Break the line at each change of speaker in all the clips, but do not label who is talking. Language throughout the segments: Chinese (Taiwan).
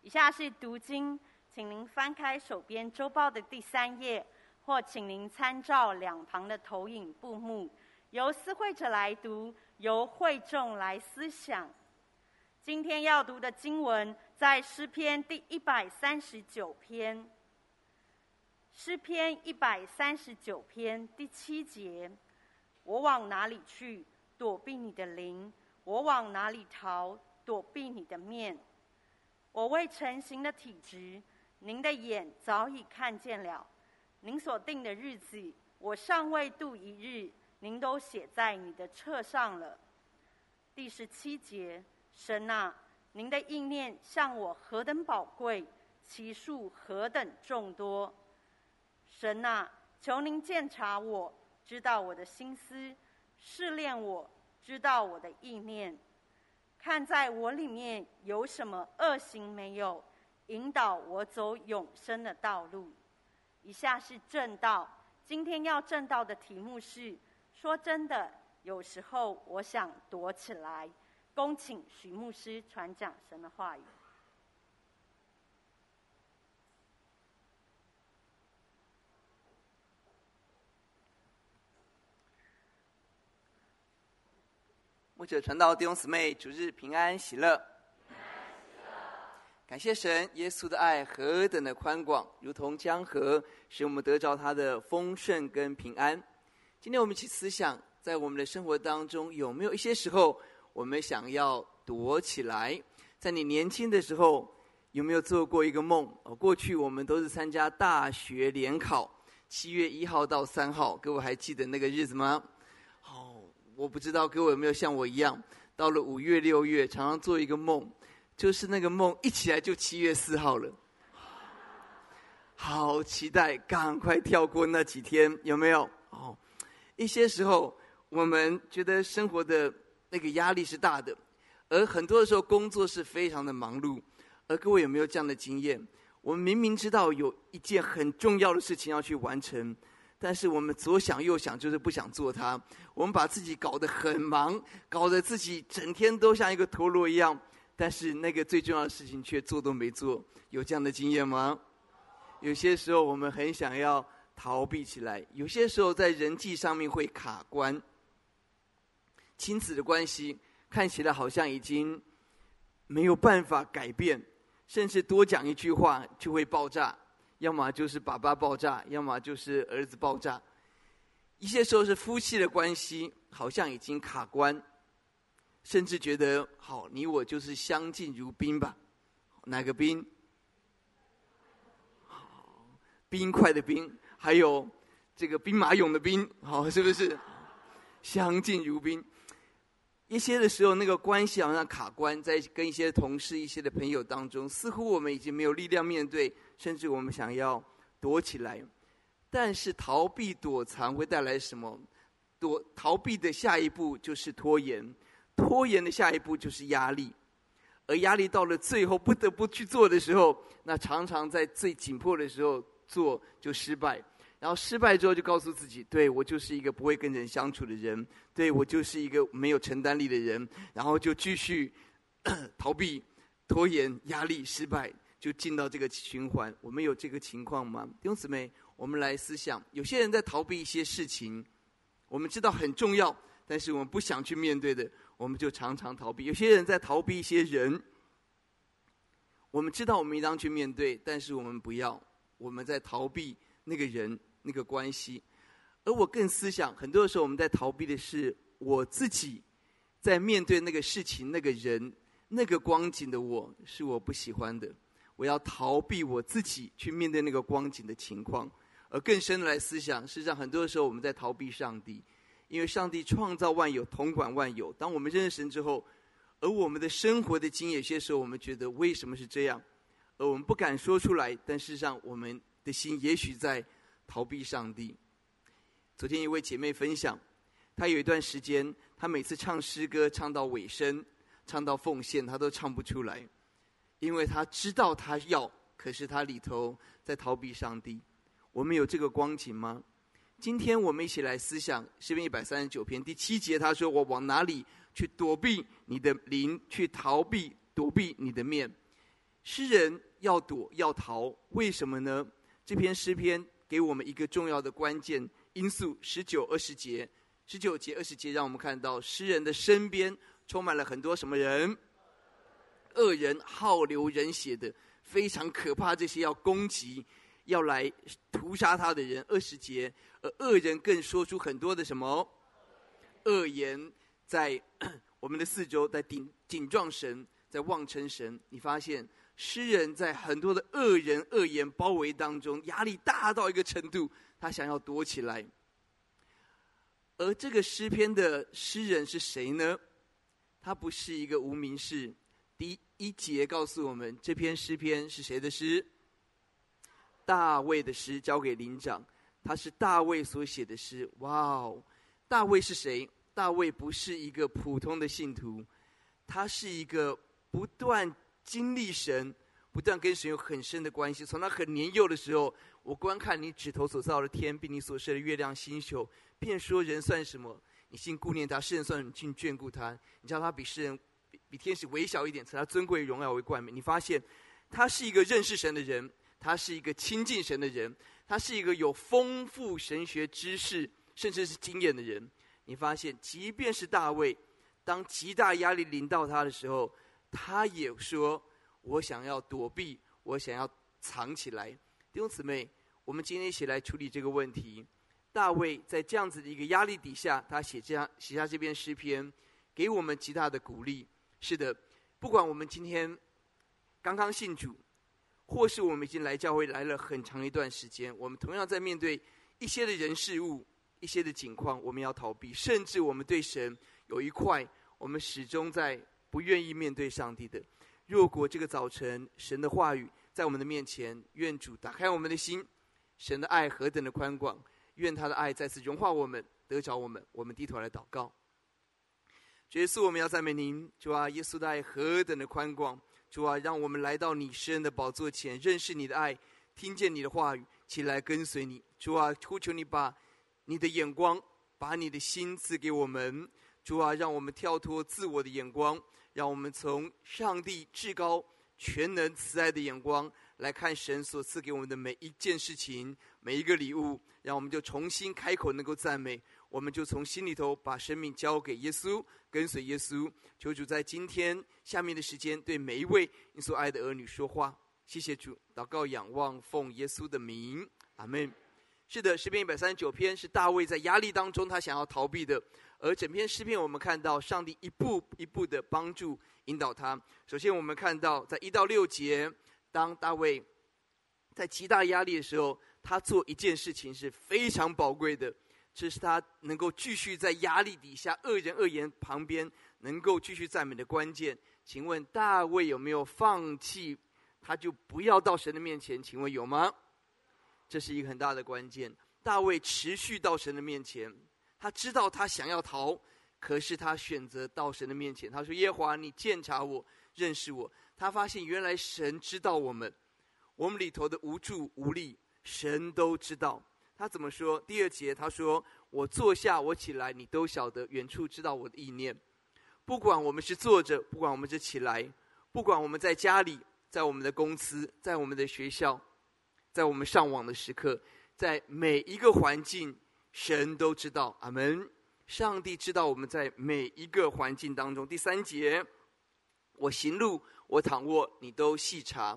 以下是讀經，請您翻開手邊週報的第三頁，或請您參照兩旁的投影布幕。由司會者來讀，由會眾來思想。今天要讀的經文在詩篇第一百三十九篇。詩篇一百三十九篇第七節：我往哪裡去躲避你的靈？我往哪裡逃躲避你的面？我未成形的體質，您的眼早已看見了；您所定的日子，我尚未度一日，您都寫在你的冊上了。第十七節，神啊，您的意念向我何等寶貴，其數何等眾多！神啊，求您鑒察我，知道我的心思；試煉我，知道我的意念。看在我裡面有什麼惡行沒有，引導我走永生的道路。以下是證道。今天要證道的題目是：說真的，有時候我想躲起來。恭請徐牧師傳講神的話語。
牧者傳道弟兄姊妹，主日平安，平安喜樂。感謝神，耶穌的愛何等的寬廣，如同江河，使我們得着他的豐盛跟平安。今天我們一起思想，在我們的生活當中，有沒有一些時候，我們想要躲起來？在你年輕的時候，有沒有做過一個夢？過去我們都是參加大學聯考，七月一號到三號，各位還記得那個日子嗎？我不知道各位有沒有像我一樣，到了五月六月，常常做一個夢，就是那個夢一起來就七月四號了，好期待，趕快跳過那幾天，有沒有？哦，一些時候我們覺得生活的那個壓力是大的，而很多的時候工作是非常的忙碌，而各位有沒有這樣的經驗？我們明明知道有一件很重要的事情要去完成。但是我們左想右想，就是不想做它。我們把自己搞得很忙，搞得自己整天都像一個陀螺一樣。但是那個最重要的事情卻做都沒做，有這樣的經驗嗎？有些時候我們很想要逃避起來，有些時候在人際上面會卡關。親子的關係看起來好像已經沒有辦法改變，甚至多講一句話就會爆炸。要麼就是爸爸爆炸，要麼就是兒子爆炸。一些時候是夫妻的關係，好像已經卡關，甚至覺得好，你我就是相敬如賓吧？哪個賓？好，冰塊的冰，還有這個兵馬俑的兵，好，是不是？相敬如賓。一些的時候，那個關係好像卡關，在跟一些同事、一些的朋友當中，似乎我們已經沒有力量面對。甚至我們想要躲起來，但是逃避躲藏會帶來什麼？躲，逃避的下一步就是拖延，拖延的下一步就是壓力，而壓力到了最後不得不去做的時候，那常常在最緊迫的時候做就失敗，然後失敗之後就告訴自己，對，我就是一個不會跟人相處的人，對，我就是一個沒有承擔力的人，然後就繼續逃避、拖延、壓力、失敗。就進到這個循環，我們有這個情況嗎？弟兄姊妹，我們來思想，有些人在逃避一些事情，我們知道很重要，但是我們不想去面對的，我們就常常逃避，有些人在逃避一些人，我們知道我們應當去面對，但是我們不要，我們在逃避那個人、那個關係。而我更思想，很多的時候我們在逃避的是我自己，在面對那個事情、那個人、那個光景的，我是我不喜歡的。我要逃避我自己去面對那個光景的情況，而更深的來思想，事實上，很多的時候我們在逃避上帝，因為上帝創造萬有，統管萬有。當我們認識神之後，而我們的生活的經驗，有些時候我們覺得為什麼是這樣，而我們不敢說出來。但事實上，我們的心也許在逃避上帝。昨天一位姐妹分享，她有一段時間，她每次唱詩歌唱到尾聲，唱到奉獻，她都唱不出來。因為他知道他要，可是他裡頭在逃避上帝。我們有這個光景嗎？今天我們一起來思想詩篇一百三十九篇第七節，他說：“我往哪裡去躲避你的靈？去逃避躲避你的面？”詩人要躲要逃，為什麼呢？這篇詩篇給我們一個重要的關鍵因素：十九、二十節。十九節、二十節，讓我們看到詩人的身邊充滿了很多什麼人？惡人好流人血的，非常可怕，這些要攻擊、要來屠殺他的人。二十節，而惡人更說出很多的什麼惡言在，在我們的四周在，在頂頂撞神，在妄稱神。你發現詩人在很多的惡人惡言包圍當中，壓力大到一個程度，他想要躲起來。而這個詩篇的詩人是誰呢？他不是一個無名氏。第一節告訴我們，這篇詩篇是誰的詩？大衛的詩，交給伶長，他是大衛所寫的詩。哇哦，大衛是誰？大衛不是一個普通的信徒，他是一個不斷經歷神、不斷跟神有很深的關係。從他很年幼的時候，我觀看你指頭所造的天，並你所設的月亮星宿，便說，人算什麼？你竟顧念他，世人算什麼，你竟眷顧他？你知道他比世人，比天使微小一點，賜他尊貴榮耀為冠冕。你發現，他是一個認識神的人，他是一個親近神的人，他是一個有豐富神學知識甚至是經驗的人。你發現，即便是大衛，當極大壓力臨到他的時候，他也說：“我想要躲避，我想要藏起來。”弟兄姊妹，我們今天一起來處理這個問題。大衛在這樣子的一個壓力底下，他寫下寫下這篇詩篇，給我們極大的鼓勵。是的，不管我們今天剛剛信主，或是我們已經來教會來了很長一段時間，我們同樣在面對一些的人事物、一些的境況，我們要逃避。甚至我們對神有一塊，我們始終在不願意面對上帝的。若果這個早晨，神的話語在我們的面前，願主打開我們的心，神的愛何等的寬廣，願他的愛再次融化我們、得着我們。我們低頭來禱告。耶穌，我們要讚美您，主啊！耶穌的愛何等的寬廣，主啊！讓我們來到你施恩的寶座前，認識你的愛，聽見你的話語，起來跟隨你，主啊！求求你把，你的眼光，把你的心賜給我們，主啊！讓我們跳脫自我的眼光，讓我們從上帝至高、全能、慈愛的眼光來看神所賜給我們的每一件事情、每一個禮物，讓我們就重新開口，能夠讚美。我們就從心裡頭把生命交給耶穌，跟隨耶穌。求主在今天下面的時間，對每一位你所愛的兒女說話。謝謝主，禱告仰望，奉耶穌的名，阿門。是的，詩篇一百三十九篇是大衛在壓力當中他想要逃避的，而整篇詩篇我們看到上帝一步一步的幫助引導他。首先，我們看到在一到六節，當大衛在極大壓力的時候，他做一件事情是非常寶貴的。這是他能夠繼續在壓力底下惡人惡言旁邊，能夠繼續讚美的關鍵。請問大衛有沒有放棄？他就不要到神的面前？請問有嗎？這是一個很大的關鍵。大衛持續到神的面前，他知道他想要逃，可是他選擇到神的面前。他說：“耶華，你鑒察我，認識我。”他發現原來神知道我們，我們裡頭的無助無力，神都知道。他怎麼說？第二節他說：“我坐下，我起來，你都曉得，遠處知道我的意念。不管我們是坐着，不管我們是起來，不管我們在家裡，在我們的公司，在我們的學校，在我們上網的時刻，在每一個環境，神都知道。阿門，上帝知道我們在每一個環境當中。”第三節，我行路，我躺臥，你都細察。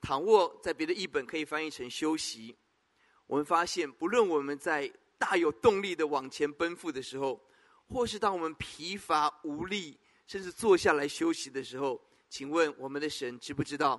躺臥在別的譯本可以翻譯成休息。我們發現，不論我們在大有動力的往前奔赴的時候，或是當我們疲乏無力，甚至坐下來休息的時候，請問我們的神知不知道？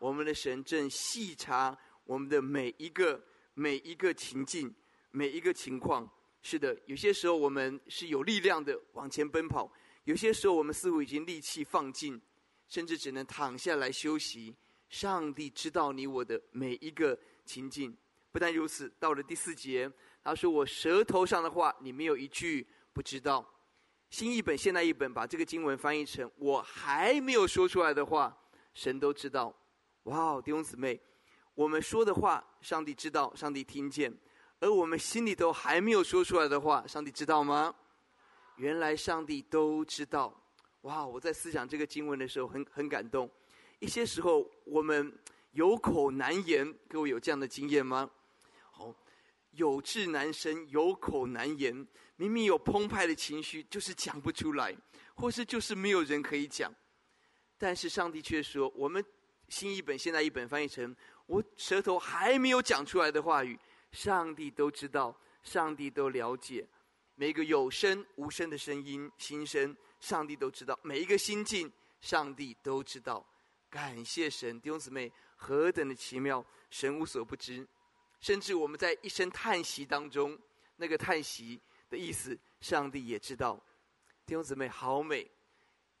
我們的神正細察我們的每一個、每一個情境、每一個情況。是的，有些時候我們是有力量的往前奔跑，有些時候我們似乎已經力氣放盡，甚至只能躺下來休息。上帝知道你我的每一個情境。不但如此，到了第四節，他說：“我舌頭上的話，你沒有一句不知道。”新譯本、現代譯本把這個經文翻譯成：“我還沒有說出來的話，神都知道。”哇，弟兄姊妹，我們說的話，上帝知道，上帝聽見；而我們心裡頭還沒有說出來的話，上帝知道嗎？原來上帝都知道。哇，我在思想這個經文的時候很，很很感動。一些時候，我們有口難言，各位有這樣的經驗嗎？有志難伸，有口難言。明明有澎湃的情緒，就是講不出來，或是就是沒有人可以講。但是上帝卻說，我們新一本、現在一本翻譯成，我舌頭還沒有講出來的話語，上帝都知道，上帝都了解。每一個有聲、無聲的聲音、心聲，上帝都知道；每一個心境，上帝都知道。感謝神，弟兄姊妹，何等的奇妙！神無所不知。甚至我們在一聲嘆息當中，那個嘆息的意思，上帝也知道。弟兄姊妹，好美。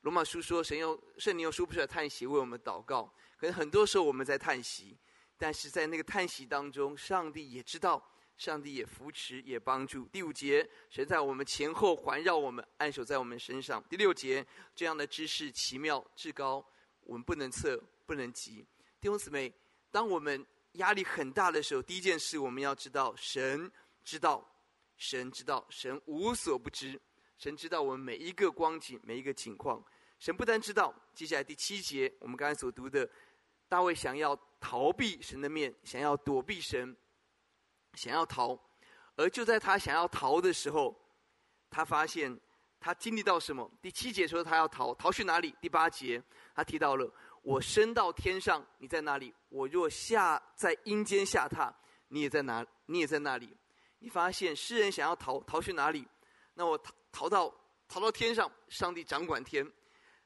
羅馬書說，神用聖靈用說不出來嘆息為我們禱告。可是很多時候我們在嘆息，但是在那個嘆息當中，上帝也知道，上帝也扶持也幫助。第五節，神在我們前後環繞我們，按手在我們身上。第六節，這樣的知識奇妙至高，我們不能測不能及。弟兄姊妹，當我們。壓力很大的時候，第一件事我們要知道，神知道，神知道，神無所不知，神知道我們每一個光景，每一個景況。神不但知道，接下來第七節我們剛才所讀的，大衛想要逃避神的面，想要躲避神，想要逃。而就在他想要逃的時候，他發現他經歷到什麼？第七節說他要逃，逃去哪裡？第八節他提到了。我升到天上，你在哪裡？我若下在陰間下榻，你也在哪？你也在那裡。你發現詩人想要逃，逃去哪裡？那我逃逃到逃到天上，上帝掌管天；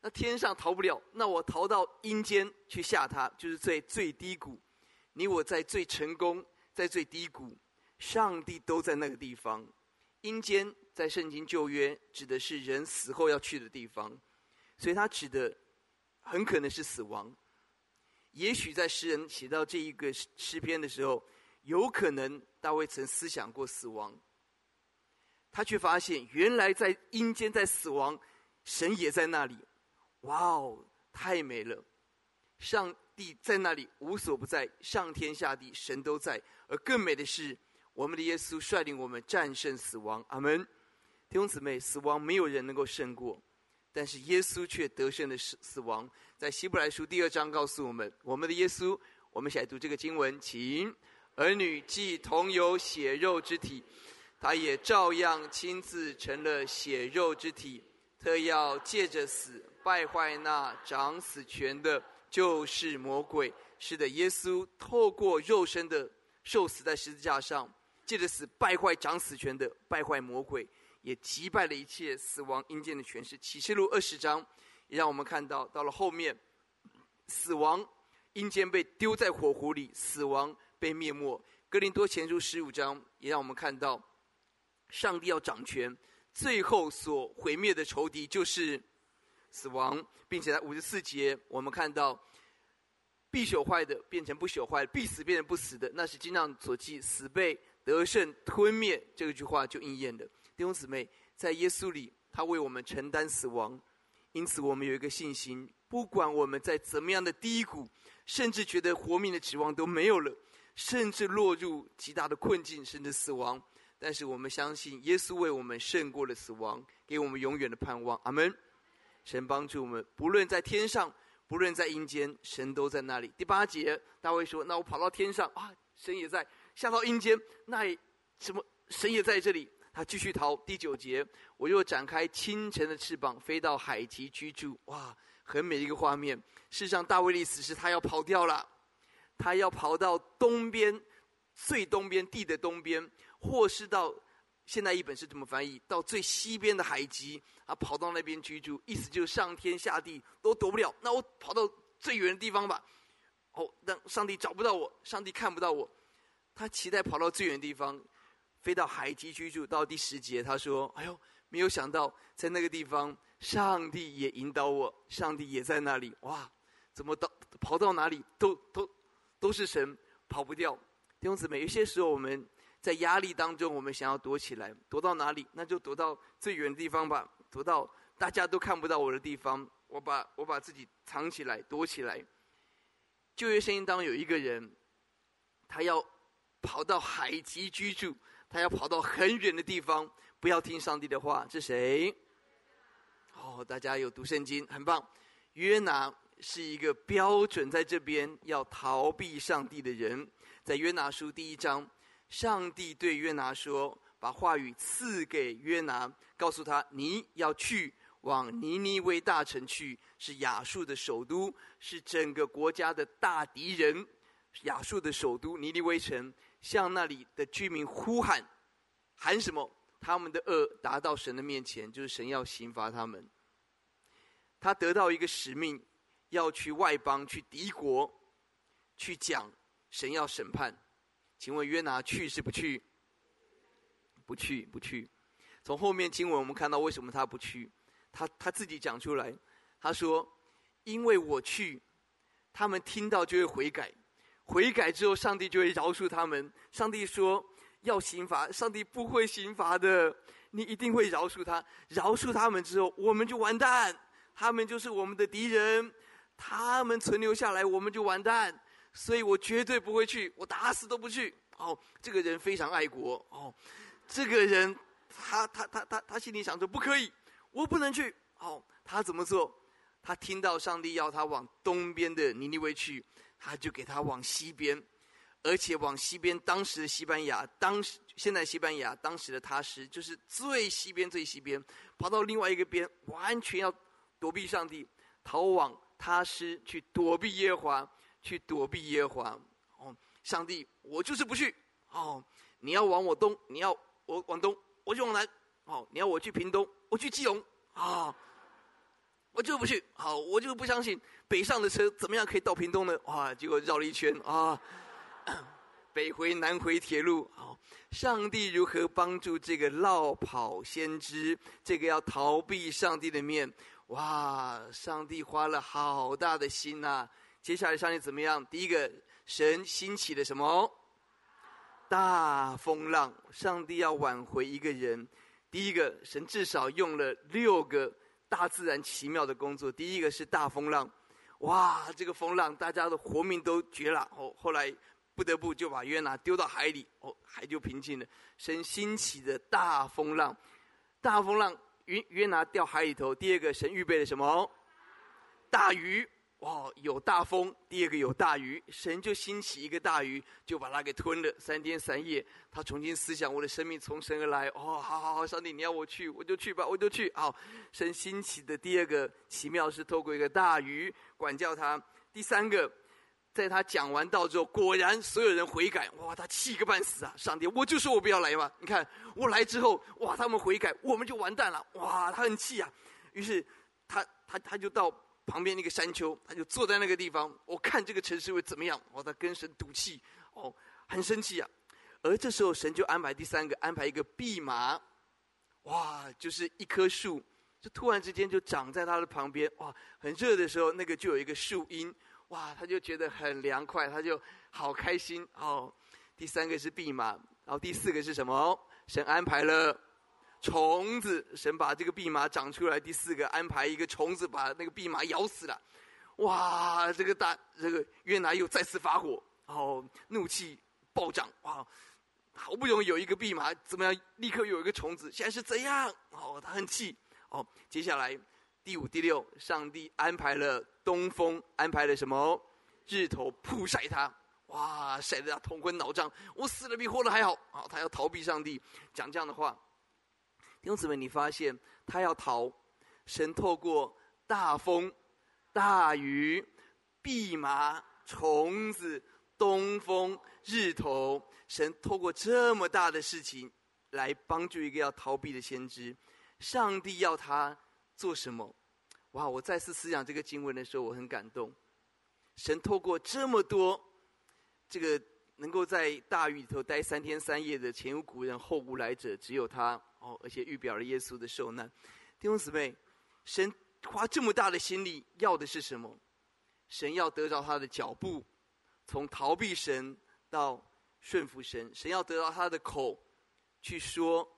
那天上逃不了，那我逃到陰間去下榻，就是最最低谷。你我在最成功，在最低谷，上帝都在那個地方。陰間在聖經舊約指的是人死後要去的地方，所以他指的。很可能是死亡。也許在詩人寫到這一個詩篇的時候，有可能大衛曾思想過死亡。他卻發現，原來在陰間，在死亡，神也在那裡。哇哦，太美了！上帝在那裡無所不在，上天下地，神都在。而更美的是，我們的耶穌率領我們戰勝死亡。阿門。弟兄姊妹，死亡沒有人能夠勝過。但是耶穌卻得勝了死死亡。在希伯來書第二章告訴我們，我們的耶穌，我們來讀這個經文，請。兒女既同有血肉之體，他也照樣親自成了血肉之體，特要借着死敗壞那掌死權的，就是魔鬼。是的，耶穌透過肉身的受死在十字架上，借着死敗壞掌死權的，敗壞魔鬼。也擊敗了一切死亡陰間的權勢。啟示錄二十章也讓我們看到，到了後面，死亡陰間被丟在火湖裡，死亡被滅沒。格林多前書十五章也讓我們看到，上帝要掌權，最後所毀滅的仇敵就是死亡，並且在五十四節，我們看到，必朽壞的變成不朽壞的，必死變成不死的，那是經上所記“死被得勝吞滅”這句話就應驗了。弟兄姊妹，在耶穌裡，他為我們承擔死亡，因此我們有一個信心。不管我們在怎麼樣的低谷，甚至覺得活命的指望都沒有了，甚至落入極大的困境，甚至死亡。但是我們相信，耶穌為我們勝過了死亡，給我們永遠的盼望。阿門。神幫助我們，不論在天上，不論在陰間，神都在那裡。第八節，大衛說：“那我跑到天上啊，神也在；下到陰間，那也什麼，神也在這裡。”他繼續逃。第九節，我又展開清晨的翅膀，飛到海極居住。哇，很美的一個畫面。事實上大力死時，大衛的意思是他要跑掉了，他要跑到東邊最東邊地的東邊，或是到現在一本是怎麼翻譯，到最西邊的海極，他跑到那邊居住。意思就是上天下地都躲不了，那我跑到最遠的地方吧。哦，但上帝找不到我，上帝看不到我，他期待跑到最遠的地方。飛到海極居住，到第十節，他說：“哎呦，沒有想到在那個地方，上帝也引導我，上帝也在那裡。哇，怎麼到跑到哪裡都都都是神，跑不掉。因此，有些時候我們在壓力當中，我們想要躲起來，躲到哪裡，那就躲到最遠的地方吧，躲到大家都看不到我的地方。我把我把自己藏起來，躲起來。舊約聖經當中有一個人，他要跑到海極居住。”他要跑到很遠的地方，不要聽上帝的話。是誰？哦、oh，大家有讀聖經，很棒。約拿是一個標準，在這邊要逃避上帝的人。在約拿書第一章，上帝對約拿說：“把話語賜給約拿，告訴他你要去往尼尼微大城去，是亞述的首都，是整個國家的大敵人。亞述的首都尼尼微城。”向那裡的居民呼喊，喊什麼？他們的惡達到神的面前，就是神要刑罰他們。他得到一個使命，要去外邦、去敵國，去講神要審判。請問約拿去是不去？不去，不去。從後面經文我們看到，為什麼他不去？他他自己講出來，他說：“因為我去，他們聽到就會悔改。”悔改之後，上帝就會饒恕他們。上帝說：“要刑罰，上帝不會刑罰的，你一定會饒恕他。饒恕他們之後，我們就完蛋，他們就是我們的敵人，他們存留下來，我們就完蛋。所以我絕對不會去，我打死都不去。”哦，這個人非常愛國。哦，這個人，他他他他他心裡想着：“不可以，我不能去。”哦，他怎麼做？他聽到上帝要他往東邊的尼尼微去。他就給他往西邊，而且往西邊，當時的西班牙，當時現在西班牙，當時的他施就是最西邊，最西邊，跑到另外一個邊，完全要躲避上帝，逃往他施去躲避耶和華，去躲避耶和華，哦，上帝，我就是不去，哦，你要往我東，你要我往東，我就往南，哦，你要我去屏東，我去基隆，啊、哦。我就不去，好，我就不相信，北上的車怎麼樣可以到屏東呢？哇，結果繞了一圈啊！北回南回鐵路，好，上帝如何幫助這個落跑先知？這個要逃避上帝的面，哇，上帝花了好大的心吶、啊！接下來上帝怎麼樣？第一個，神興起的什麼？大風浪，上帝要挽回一個人。第一個，神至少用了六個。大自然奇妙的工作，第一個是大風浪，哇，這個風浪，大家的活命都絕了。後、哦、後來不得不就把約拿丟到海裡，哦，海就平靜了。神興起的大風浪，大風浪，約約拿掉海裡頭。第二個，神預備了什麼？大魚。哦，有大風，第二個有大魚，神就興起一個大魚，就把它給吞了三天三夜。他重新思想，我的生命從神而來。哦，好好好，上帝，你要我去，我就去吧，我就去。好、哦，神興起的第二個奇妙是透過一個大魚管教他。第三個，在他講完道之後，果然所有人悔改。哇，他氣個半死啊！上帝，我就說我不要來嘛。你看我來之後，哇，他們悔改，我們就完蛋了。哇，他很氣啊。於是他他他就到。旁邊那個山丘，他就坐在那個地方。我、哦、看這個城市會怎麼樣？我、哦、在跟神賭氣，哦，很生氣啊。而這時候，神就安排第三個，安排一個蓖麻，哇，就是一棵樹，就突然之間就長在他的旁邊，哇，很熱的時候，那個就有一個樹蔭，哇，他就覺得很涼快，他就好開心哦。第三個是蓖麻，然後第四個是什麼？神安排了。蟲子，神把這個蓖麻長出來，第四個安排一個蟲子把那個蓖麻咬死了。哇，這個大這個約拿又再次發火，然後怒氣暴漲。哇，好不容易有一個蓖麻，怎麼樣？立刻有一個蟲子，現在是怎樣？哦，他很氣。哦，接下來第五、第六，上帝安排了東風，安排了什麼？日頭曝曬他。哇，曬得他頭昏腦脹。我死了比活的還好。哦，他要逃避上帝，講這樣的話。因此呢，你發現他要逃，神透過大風、大魚、蓖麻、蟲子、東風、日頭，神透過這麼大的事情來幫助一個要逃避的先知。上帝要他做什麼？哇！我再次思想這個經文的時候，我很感動。神透過這麼多，這個能夠在大魚裡頭待三天三夜的前無古人後無來者，只有他。哦，而且預表了耶穌的受難。弟兄姊妹，神花這麼大的心力，要的是什麼？神要得着他的腳步，從逃避神到順服神；神要得到他的口，去說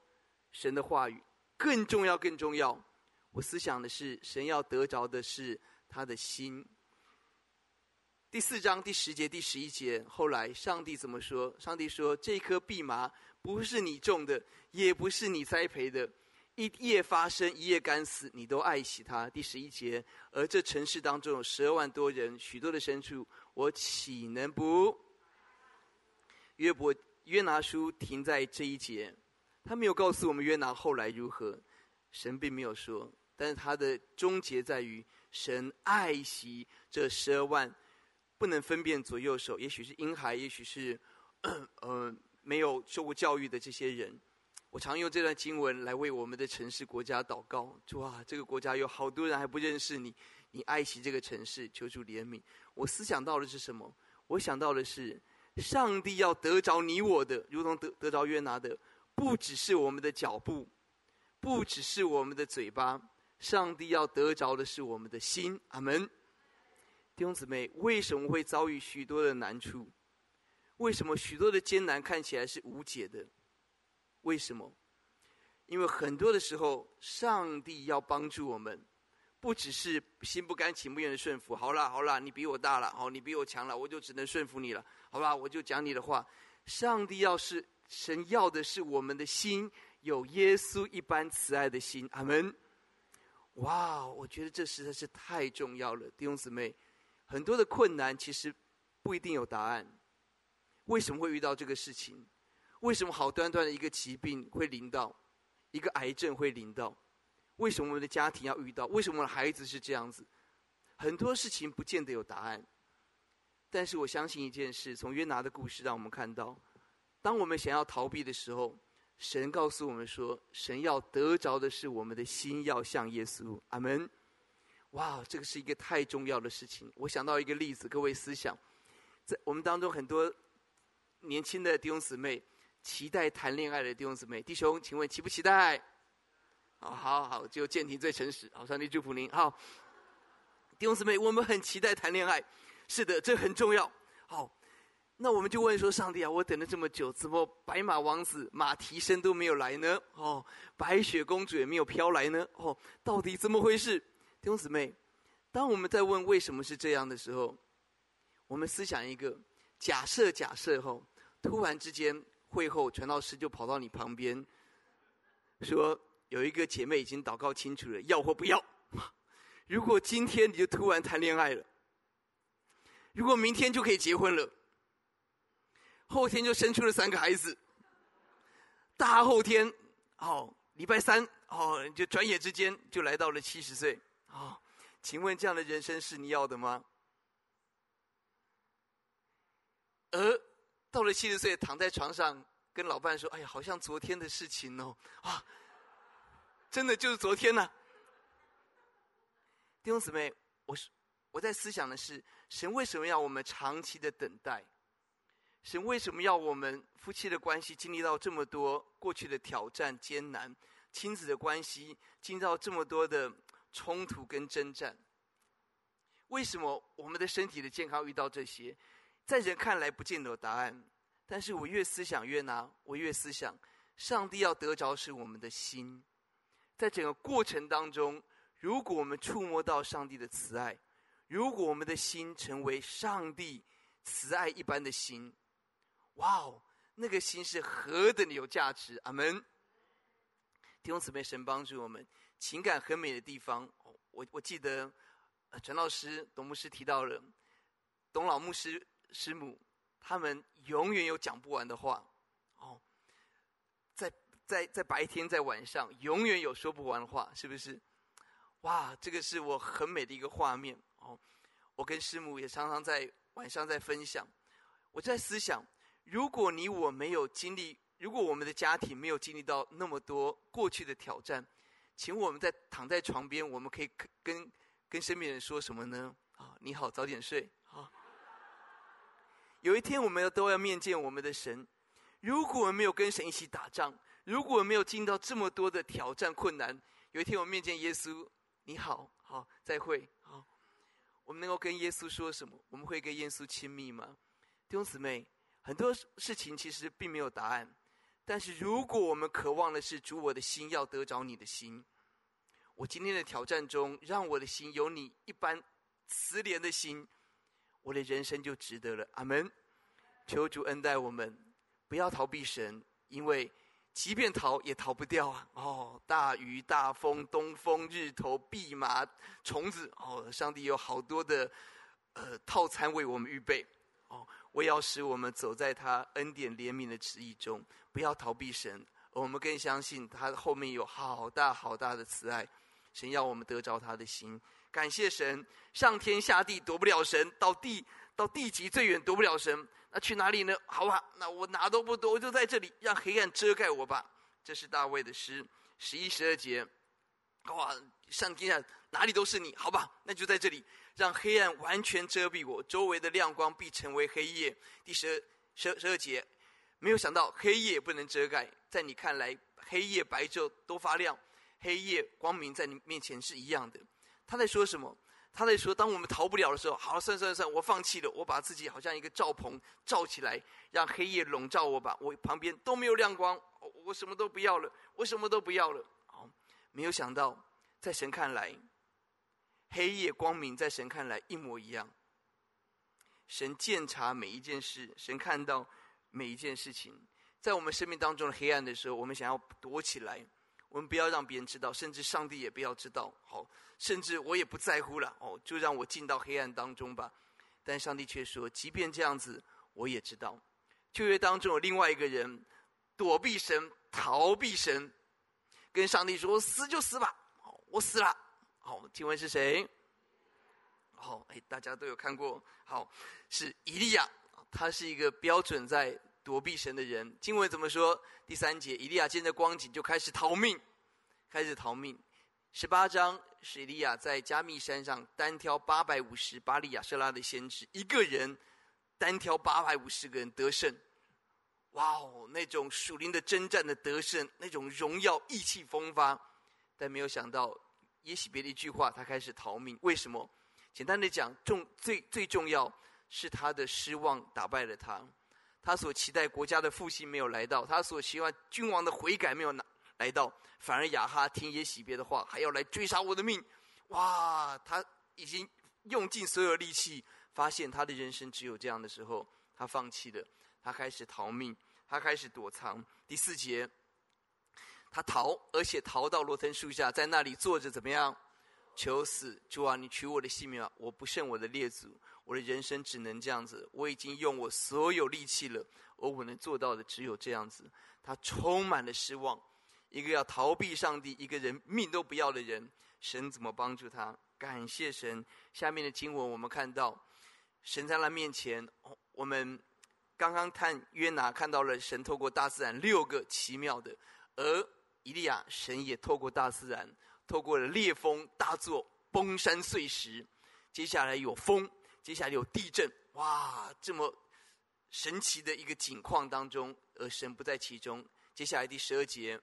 神的話語。更重要，更重要。我思想的是，神要得着的是他的心。第四章第十節、第十一節，後來上帝怎麼說？上帝說：“這一顆蓖麻。”不是你種的，也不是你栽培的，一夜發生，一夜乾死，你都愛惜它。第十一節，而這城市當中有十二萬多人，許多的牲畜，我豈能不？約伯約拿書停在這一節，他沒有告訴我們約拿後來如何，神並沒有說，但是他的終結在於神愛惜這十二萬不能分辨左右手，也許是嬰孩，也許是，嗯。呃沒有受過教育的這些人，我常用這段經文來為我們的城市、國家禱告。主啊，這個國家有好多人還不認識你，你愛惜這個城市，求主憐憫。我思想到的是什麼？我想到的是，上帝要得着你我的，如同得得着約拿的，不只是我們的腳步，不只是我們的嘴巴，上帝要得着的是我們的心。阿門。弟兄姊妹，為什麼會遭遇許多的難處？為什麼許多的艱難看起來是無解的？為什麼？因為很多的時候，上帝要幫助我們，不只是心不甘情不願的順服。好啦好啦，你比我大了，好，你比我強了，我就只能順服你了，好吧，我就講你的話。上帝要是，神要的是我們的心，有耶穌一般慈愛的心，阿門。哇，我覺得這實在是太重要了，弟兄姊妹。很多的困難其實不一定有答案。為什麼會遇到這個事情？為什麼好端端的一個疾病會臨到，一個癌症會臨到？為什麼我們的家庭要遇到？為什麼我的孩子是這樣子？很多事情不見得有答案，但是我相信一件事：從約拿的故事，讓我們看到，當我們想要逃避的時候，神告訴我們說，神要得着的是我們的心，要向耶穌。阿門！哇，這個是一個太重要的事情。我想到一個例子，各位思想，在我們當中很多。年輕的弟兄姊妹，期待談戀愛的弟兄姊妹，弟兄，請問期不期待？好好，好，就建廷最誠實。好，上帝祝福您。好，弟兄姊妹，我們很期待談戀愛。是的，這很重要。好，那我們就問說，上帝啊，我等了這麼久，怎麼白馬王子馬蹄聲都沒有來呢？哦，白雪公主也沒有飄來呢？哦，到底怎麼回事？弟兄姊妹，當我們在問為什麼是這樣的時候，我們思想一個。假設假設後，突然之間會後，傳道師就跑到你旁邊，說：“有一個姐妹已經禱告清楚了，要或不要？如果今天你就突然談戀愛了，如果明天就可以結婚了，後天就生出了三個孩子，大後天哦，禮拜三哦，就轉眼之間就來到了七十歲。哦，請問這樣的人生是你要的嗎？”而到了七十歲，躺在床上跟老伴說：“哎呀，好像昨天的事情哦，啊，真的就是昨天呢、啊。”弟兄姊妹，我是我在思想的是，神為什麼要我們長期的等待？神為什麼要我們夫妻的關係經歷到這麼多過去的挑戰、艱難？親子的關係經歷到這麼多的衝突跟征戰？為什麼我們的身體的健康遇到這些？在人看來，不見得有答案，但是我越思想越難。我越思想，上帝要得着是我們的心。在整個過程當中，如果我們觸摸到上帝的慈愛，如果我們的心成為上帝慈愛一般的心，哇哦，那個心是何等的有價值！阿門。聽公慈悲，神幫助我們。情感很美的地方，我我記得呃、陳老師、董牧師提到了董老牧師。師母，他們永遠有講不完的話，哦，在在在白天，在晚上，永遠有說不完的話，是不是？哇，這個是我很美的一個畫面哦。我跟師母也常常在晚上在分享。我在思想，如果你我沒有經歷，如果我們的家庭沒有經歷到那麼多過去的挑戰，請我們在躺在床邊，我們可以跟跟身邊人說什麼呢？啊，哦，你好，早點睡。有一天，我們要都要面見我們的神。如果我們沒有跟神一起打仗，如果我們沒有經歷到這麼多的挑戰困難，有一天我們面見耶穌，你好好再會。好，我們能夠跟耶穌說什麼？我們會跟耶穌親密嗎？弟兄姊妹，很多事情其實並沒有答案。但是，如果我們渴望的是主，我的心要得着你的心，我今天的挑戰中，讓我的心有你一般慈憐的心。我的人生就值得了，阿門！求主恩待我們，不要逃避神，因為即便逃也逃不掉啊！哦，大雨、大風、東風、日頭、蓖麻、蟲子，哦，上帝有好多的呃套餐為我們預備哦！為要使我們走在他恩典憐憫的旨意中，不要逃避神。我們更相信他後面有好大好大的慈愛，神要我們得着他的心。感謝神，上天下地躲不了神，到地到地極最遠躲不了神。那去哪裡呢？好吧，那我哪都不躲，我就在這裡，讓黑暗遮蓋我吧。這是大衛的詩，十一、十二節。哇，上天下哪裡都是你，好吧，那就在這裡，讓黑暗完全遮蔽我，周圍的亮光必成為黑夜。第十二、十二節，沒有想到黑夜不能遮蓋，在你看來，黑夜白晝都發亮，黑夜光明在你面前是一樣的。他在說什麼？他在說：“當我們逃不了的時候，好，算算算，算，我放棄了，我把自己好像一個罩棚罩起來，讓黑夜籠罩我吧。我旁邊都沒有亮光，我什麼都不要了，我什麼都不要了。”好，沒有想到，在神看來，黑夜光明在神看來一模一樣。神鑒察每一件事，神看到每一件事情。在我們生命當中的黑暗的時候，我們想要躲起來。我們不要讓別人知道，甚至上帝也不要知道。好，甚至我也不在乎了。哦，就讓我進到黑暗當中吧。但上帝卻說：“即便這樣子，我也知道。”舊約當中有另外一個人，躲避神、逃避神，跟上帝說：“死就死吧。”好，我死了。好，請問是誰？好，哎，大家都有看過。好，是以利亞。他是一個標準在躲避神的人，經文怎麼說？第三節，以利亞見着光景就開始逃命，開始逃命。十八章是以利亞在迦密山上單挑八百五十巴力亞舍拉的先知，一個人單挑八百五十個人得勝。哇哦，那種屬靈的征戰的得勝，那種榮耀，意氣風發。但沒有想到，耶洗別的一句話，他開始逃命。為什麼？簡單的講，重最最重要是他的失望打敗了他。他所期待國家的復興沒有來到，他所希望君王的悔改沒有來到，反而亞哈聽耶洗別的話，還要來追殺我的命。哇！他已經用盡所有力氣，發現他的人生只有這樣的時候，他放棄了，他開始逃命，他開始躲藏。第四節，他逃，而且逃到羅騰樹下，在那裡坐着怎麼樣？求死！主啊，你取我的性命啊，我不勝我的列祖。我的人生只能這樣子，我已經用我所有力氣了，而我能做到的只有這樣子。他充滿了失望，一個要逃避上帝、一個人命都不要的人，神怎麼幫助他？感謝神！下面的經文我們看到，神在他面前。我們剛剛看約拿看到了神透過大自然六個奇妙的，而以利亞神也透過大自然，透過了烈風大作崩山碎石，接下來有風。接下來有地震，哇！這麼神奇的一個景況當中，而神不在其中。接下來第十二節，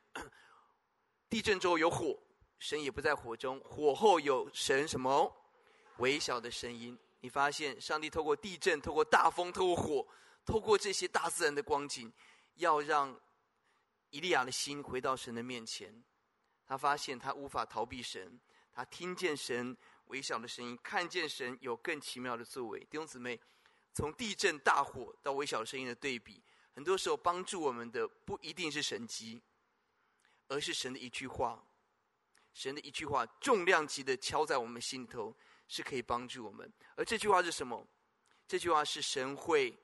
地震之後有火，神也不在火中。火後有神什麼？微小的聲音。你發現上帝透過地震、透過大風、透過火、透過這些大自然的光景，要讓以利亞的心回到神的面前。他發現他無法逃避神，他聽見神。微小的聲音，看見神有更奇妙的作為。弟兄姊妹，從地震、大火到微小的聲音的對比，很多時候幫助我們的不一定是神蹟，而是神的一句話。神的一句話，重量級的敲在我們心頭，是可以幫助我們。而這句話是什麼？這句話是神會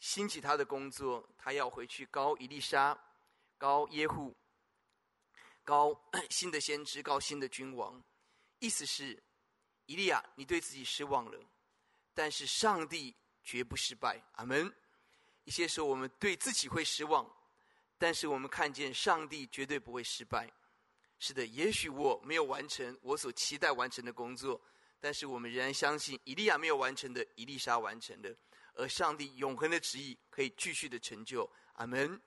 興起他的工作，他要回去膏以利沙、膏耶戶、膏新的先知、膏新的君王。意思是。以利亞，你對自己失望了，但是上帝絕不失敗。阿門。一些時候，我們對自己會失望，但是我們看見上帝絕對不會失敗。是的，也許我沒有完成我所期待完成的工作，但是我們仍然相信，以利亞沒有完成的，以利沙完成了，而上帝永恆的旨意可以繼續的成就。阿門。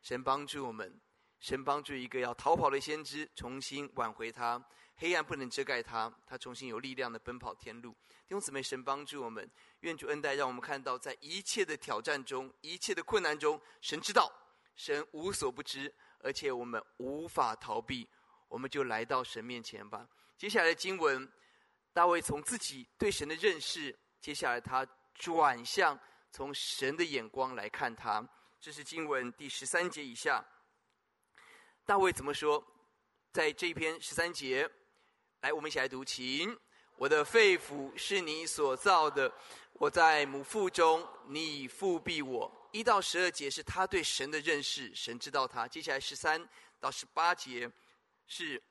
神幫助我們，神幫助一個要逃跑的先知，重新挽回他。黑暗不能遮蓋他，他重新有力量的奔跑天路。弟兄姊妹，神幫助我們，願主恩待，讓我們看到在一切的挑戰中、一切的困難中，神知道，神無所不知，而且我們無法逃避，我們就來到神面前吧。接下來的經文，大衛從自己對神的認識，接下來他轉向從神的眼光來看他。這是經文第十三節以下。大衛怎麼說？在這一篇十三節。來，我們一起來讀。請，我的肺腑是你所造的，我在母腹中，你覆庇我。一到十二節是他對神的認識，神知道他。接下來十三到十八節是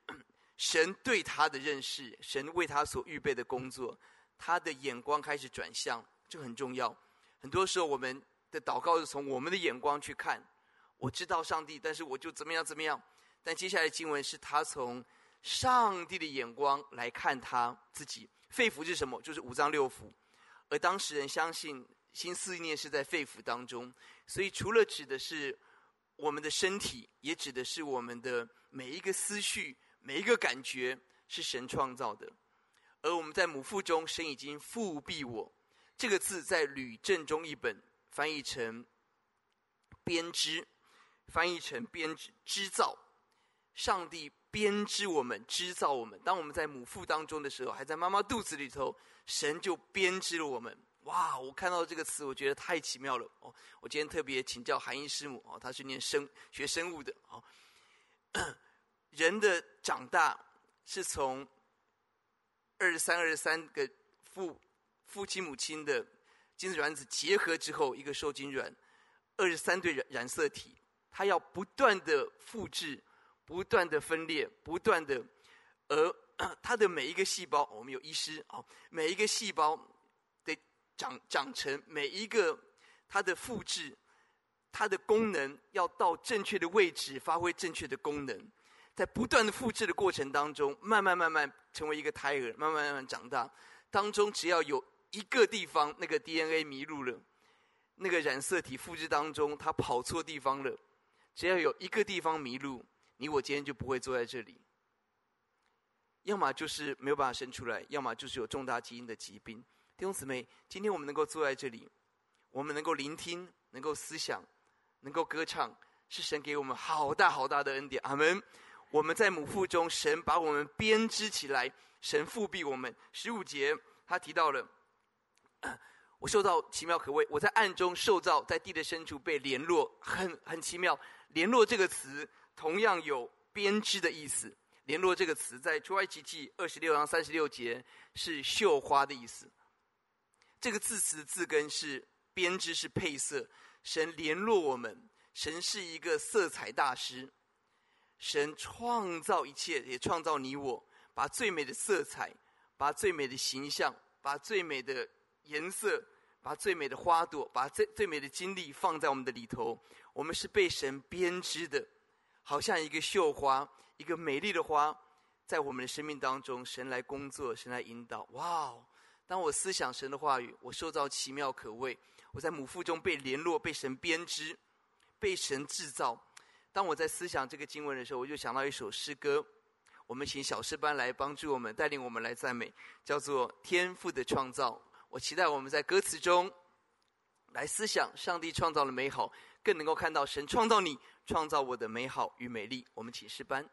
神對他的認識，神為他所預備的工作。他的眼光開始轉向，這很重要。很多時候我們的禱告是從我們的眼光去看，我知道上帝，但是我就怎麼樣怎麼樣。但接下來的經文是他從。上帝的眼光來看他自己，肺腑是什麼？就是五臟六腑。而當時人相信，心思意念是在肺腑當中，所以除了指的是我們的身體，也指的是我們的每一個思緒、每一個感覺是神創造的。而我們在母腹中，神已經覆庇我。這個字在《呂振中》譯本翻譯成“編織”，翻譯成“編織”、“織造”，上帝。編織我們，織造我們。當我們在母腹當中的時候，還在媽媽肚子裡頭，神就編織了我們。哇！我看到這個詞，我覺得太奇妙了。哦，我今天特別請教韓英師母，哦，她是念生學生物的。哦，人的長大是從二十三、二十三個父父親、母親的精子、卵子結合之後，一個受精卵，二十三對染色體，它要不斷的複製。不斷的分裂，不斷的，而它的每一個細胞，哦、我們有醫師啊、哦，每一個細胞得長長成，每一個它的複製，它的功能要到正確的位置，發揮正確的功能，在不斷的複製的過程當中，慢慢慢慢成為一個胎兒，慢慢慢慢長大，當中只要有一個地方那個 DNA 迷路了，那個染色體複製當中它跑錯地方了，只要有一個地方迷路。你我今天就不會坐在這裡，要麼就是沒有辦法生出來，要麼就是有重大基因的疾病。弟兄姊妹，今天我們能夠坐在這裡，我們能夠聆聽，能夠思想，能夠歌唱，是神給我們好大好大的恩典。阿門！我們在母腹中，神把我們編織起來，神覆庇我們。十五節他提到了、呃，我受造奇妙可畏，我在暗中受造，在地的深處被聯絡，很很奇妙。聯絡這個詞。同樣有編織的意思。聯絡這個詞在《出埃及記》二十六章三十六節是繡花的意思。這個字詞的字根是編織，是配色。神聯絡我們，神是一個色彩大師。神創造一切，也創造你我，把最美的色彩，把最美的形象，把最美的顏色，把最美的花朵，把最最美的經歷放在我們的裡頭。我們是被神編織的。好像一個繡花，一個美麗的花，在我們的生命當中，神來工作，神來引導。哇哦！當我思想神的話語，我受到奇妙可畏。我在母腹中被聯絡，被神編織，被神制造。當我在思想這個經文的時候，我就想到一首詩歌。我們請小詩班來幫助我們，帶領我們來讚美，叫做《天父的創造》。我期待我們在歌詞中來思想上帝創造的美好。更能夠看到神創造你、創造我的美好與美麗。我們請詩班。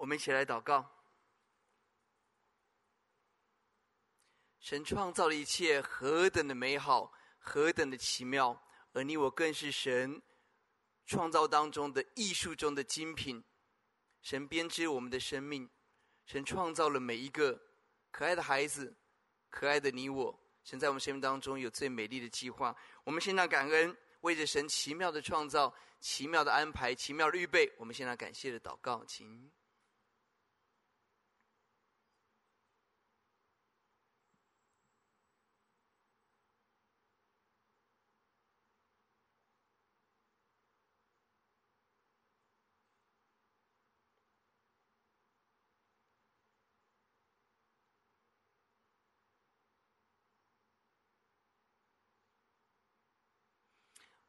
我們一起來禱告。神創造了一切何等的美好，何等的奇妙，而你我更是神創造當中的藝術中的精品。神編織我們的生命，神創造了每一個可愛的孩子，可愛的你我。神在我們生命當中有最美麗的計劃。我們先來感恩，為着神奇妙的創造、奇妙的安排、奇妙的預備。我們先來感謝的禱告，請。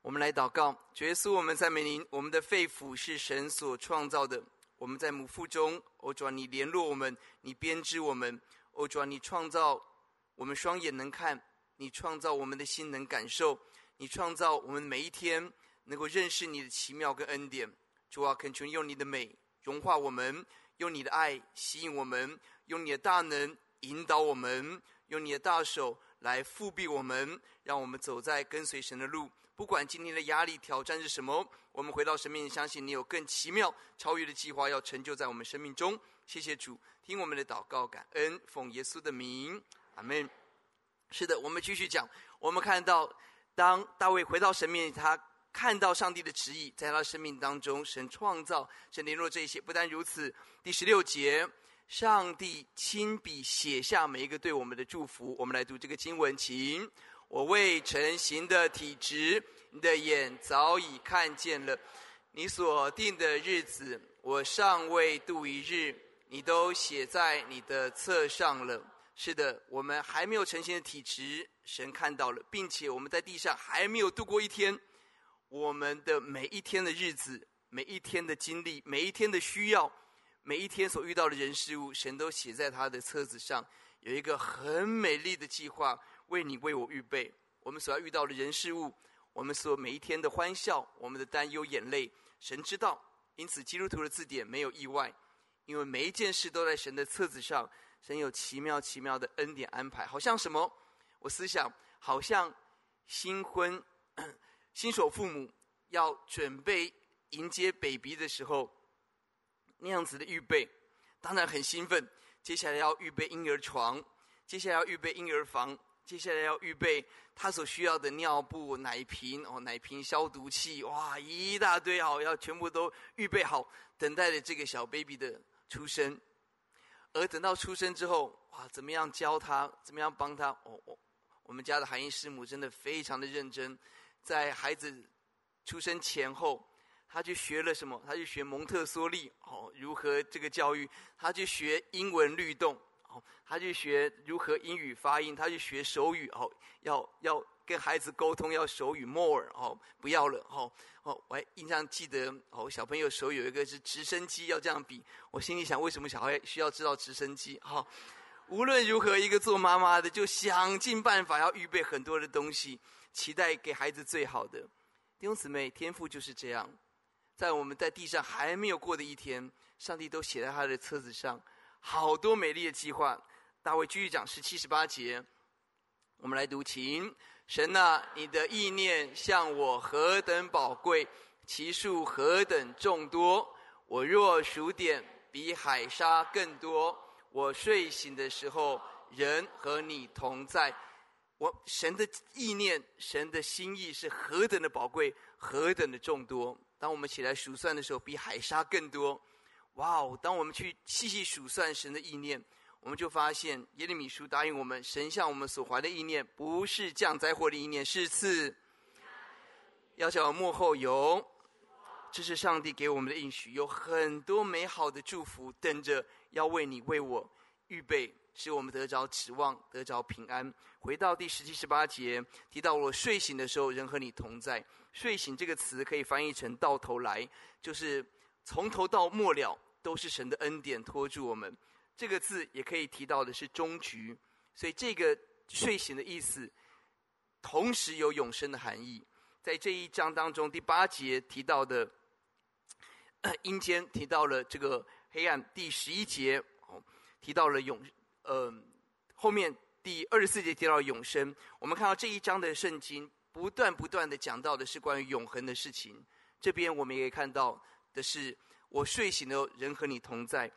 我們來禱告，主耶穌，我們讚美你，我們的肺腑是神所創造的，我們在母腹中。我、哦、主啊，你聯絡我們，你編織我們。我、哦、主啊，你創造我們雙眼能看，你創造我們的心能感受，你創造我們每一天能夠認識你的奇妙跟恩典。主啊，懇求用你的美融化我們，用你的愛吸引我們，用你的大能引導我們，用你的大手來覆庇我們，讓我們走在跟隨神的路。不管今天的壓力挑戰是什麼，我們回到神面前，相信你有更奇妙超越的計劃要成就在我們生命中。謝謝主，聽我們的禱告，感恩，奉耶穌的名，阿門。是的，我們繼續講。我們看到，當大衛回到神面前，他看到上帝的旨意在他生命當中，神創造，神聯絡這些。不但如此，第十六節，上帝親筆寫下每一個對我們的祝福。我們來讀這個經文，請。我未成形的體質，你的眼早已看見了；你所定的日子，我尚未度一日，你都寫在你的冊上了。是的，我們還沒有成形的體質，神看到了，並且我們在地上還沒有度過一天，我們的每一天的日子、每一天的經歷、每一天的需要、每一天所遇到的人事物，神都寫在他的冊子上，有一個很美麗的計劃。為你為我預備，我們所要遇到的人事物，我們所每一天的歡笑，我們的擔憂、眼淚，神知道。因此，基督徒的字典沒有意外，因為每一件事都在神的冊子上，神有奇妙奇妙的恩典安排。好像什麼？我思想，好像新婚新手父母要準備迎接 baby 的時候，那樣子的預備，當然很興奮。接下來要預備嬰兒床，接下來要預備嬰兒房。接下來要預備他所需要的尿布、奶瓶哦，奶瓶消毒器，哇，一大堆哦，要全部都預備好，等待着這個小 baby 的出生。而等到出生之後，哇，怎麼樣教他？怎麼樣幫他？我哦，哦，我們家的韓英師母真的非常的認真，在孩子出生前後，他去學了什麼？他去學蒙特梭利哦，如何這個教育？他去學英文律動。哦、他去學如何英語發音，他去學手語。哦，要要跟孩子溝通，要手語、more 哦，不要了。哦哦，我還印象記得，哦，小朋友手有一個是直升機，要這樣比。我心裡想，為什麼小孩需要知道直升機？哈、哦，無論如何，一個做媽媽的就想盡辦法要預備很多的東西，期待給孩子最好的。弟兄姊妹，天父就是這樣，在我們在地上還沒有過的一天，上帝都寫在他的冊子上。好多美麗的計劃，大衛居士長是十七、十八節，我們來讀。琴，神啊，你的意念向我何等寶貴，其數何等眾多。我若數點，比海沙更多。我睡醒的時候，仍和你同在。我神的意念，神的心意是何等的寶貴，何等的眾多。當我們起來數算的時候，比海沙更多。哇哦！當我們去細細數算神的意念，我們就發現耶利米書答應我們：神向我們所懷的意念，不是降災禍的意念，是賜要叫末後有。這是上帝給我們的應許，有很多美好的祝福等着要為你、為我預備，使我們得着指望，得着平安。回到第十七、十八節，提到我睡醒的時候，仍和你同在。睡醒這個詞可以翻譯成到頭來，就是。從頭到末了都是神的恩典托住我們，這個字也可以提到的是終局，所以這個睡醒的意思，同時有永生的含義。在這一章當中，第八節提到的呃、陰間，提到了這個黑暗；第十一節、哦、提到了永，嗯、呃，後面第二十四節提到了永生。我們看到這一章的聖經不斷不斷地講到的是關於永恆的事情。這邊我們也可以看到。的是，我睡醒的，人和你同在。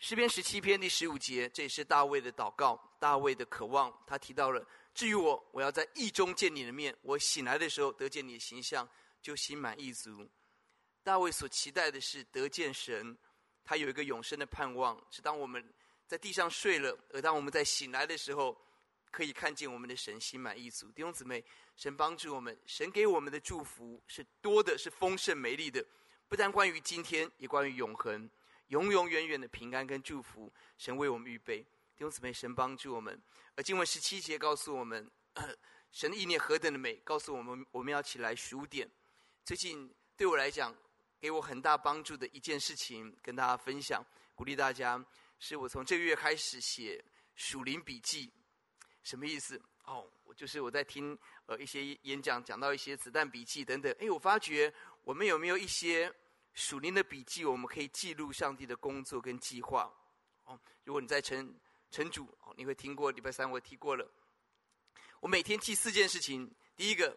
詩篇十七篇第十五節，這也是大衛的禱告，大衛的渴望。他提到了：至於我，我要在義中見你的面；我醒來的時候得見你的形象，就心滿意足。大衛所期待的是得見神，他有一個永生的盼望。是當我們在地上睡了，而當我們在醒來的時候。可以看見我們的神心滿意足。弟兄姊妹，神幫助我們，神給我們的祝福是多的，是豐盛美麗的，不但關於今天，也關於永恆，永永遠遠的平安跟祝福，神為我們預備。弟兄姊妹，神幫助我們。而經文十七節告訴我們，神意念何等的美，告訴我們我們要起來數點。最近對我來講，給我很大幫助的一件事情，跟大家分享，鼓勵大家，是我從這個月開始寫屬靈筆記。什麼意思？哦，我就是我在聽呃一些演講，講到一些子彈筆記等等。誒，我發覺我們有沒有一些屬靈的筆記，我們可以記錄上帝的工作跟計劃。哦，如果你在城城主，哦，你會聽過禮拜三我提過了。我每天記四件事情，第一個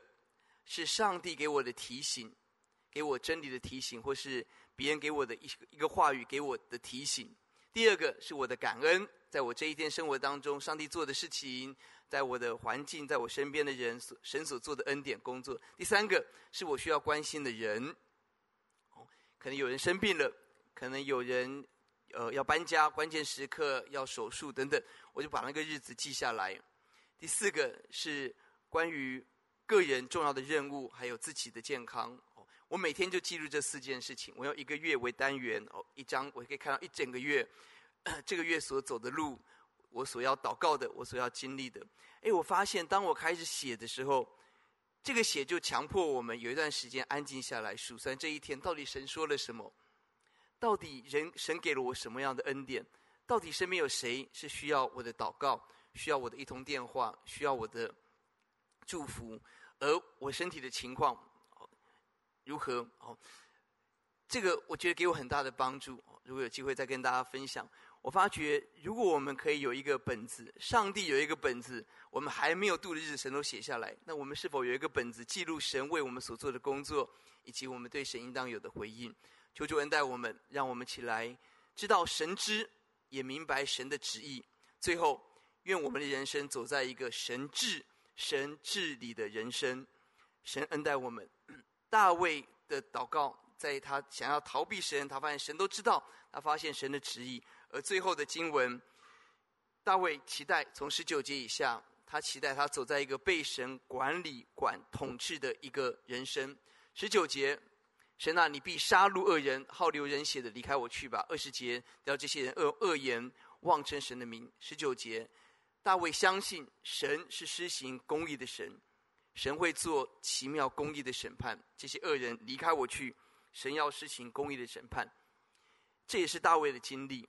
是上帝給我的提醒，給我真理的提醒，或是別人給我的一個一個話語給我的提醒。第二個是我的感恩，在我這一天生活當中，上帝做的事情，在我的環境，在我身邊的人所神所做的恩典工作。第三個是我需要關心的人，哦，可能有人生病了，可能有人呃要搬家，關鍵時刻要手術等等，我就把那個日子記下來。第四個是關於個人重要的任務，還有自己的健康。我每天就記錄這四件事情，我用一個月為單元哦，一張我可以看到一整個月，這個月所走的路，我所要禱告的，我所要經歷的。誒，我發現當我開始寫的時候，這個寫就強迫我們有一段時間安靜下來，數算這一天到底神說了什麼，到底人神給了我什麼樣的恩典，到底身邊有誰是需要我的禱告，需要我的一通電話，需要我的祝福，而我身體的情況如何？哦，這個我覺得給我很大的幫助。如果有機會再跟大家分享。我發覺如果我們可以有一個本子。上帝有一個本子，我們還沒有度的日子，神都寫下來。那我們是否有一個本子記錄神為我們所做的工作，以及我們對神應當有的回應？求主恩待我們，讓我們起來知道神知，也明白神的旨意。最後，願我們的人生走在一個神治、神治理的人生。神恩待我們。大衛的禱告，在他想要逃避神，他發現神都知道，他發現神的旨意。而最後的經文，大衛期待從十九節以下，他期待他走在一個被神管理、管統治的一個人生。十九節，神啊，你必殺戮惡人，好流人血的，離開我去吧。二十節，要這些人惡惡言，妄稱神的名。十九節，大衛相信神是施行公義的神。神會做奇妙公義的審判，這些惡人離開我去，神要施行公義的審判。這也是大衛的經歷，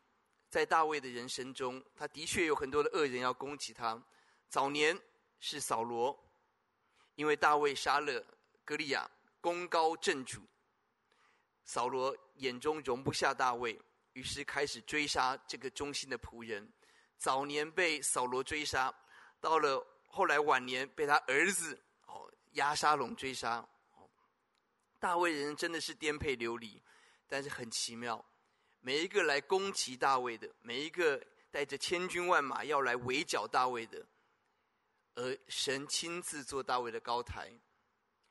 在大衛的人生中，他的確有很多的惡人要攻擊他。早年是掃羅，因為大衛殺了歌利亞，功高震主，掃羅眼中容不下大衛，於是開始追殺這個忠心的僕人。早年被掃羅追殺，到了後來晚年被他兒子。押沙龍追殺，大衛人真的是顛沛流離。但是很奇妙，每一個來攻擊大衛的，每一個帶着千軍萬馬要來圍剿大衛的，而神親自做大衛的高台，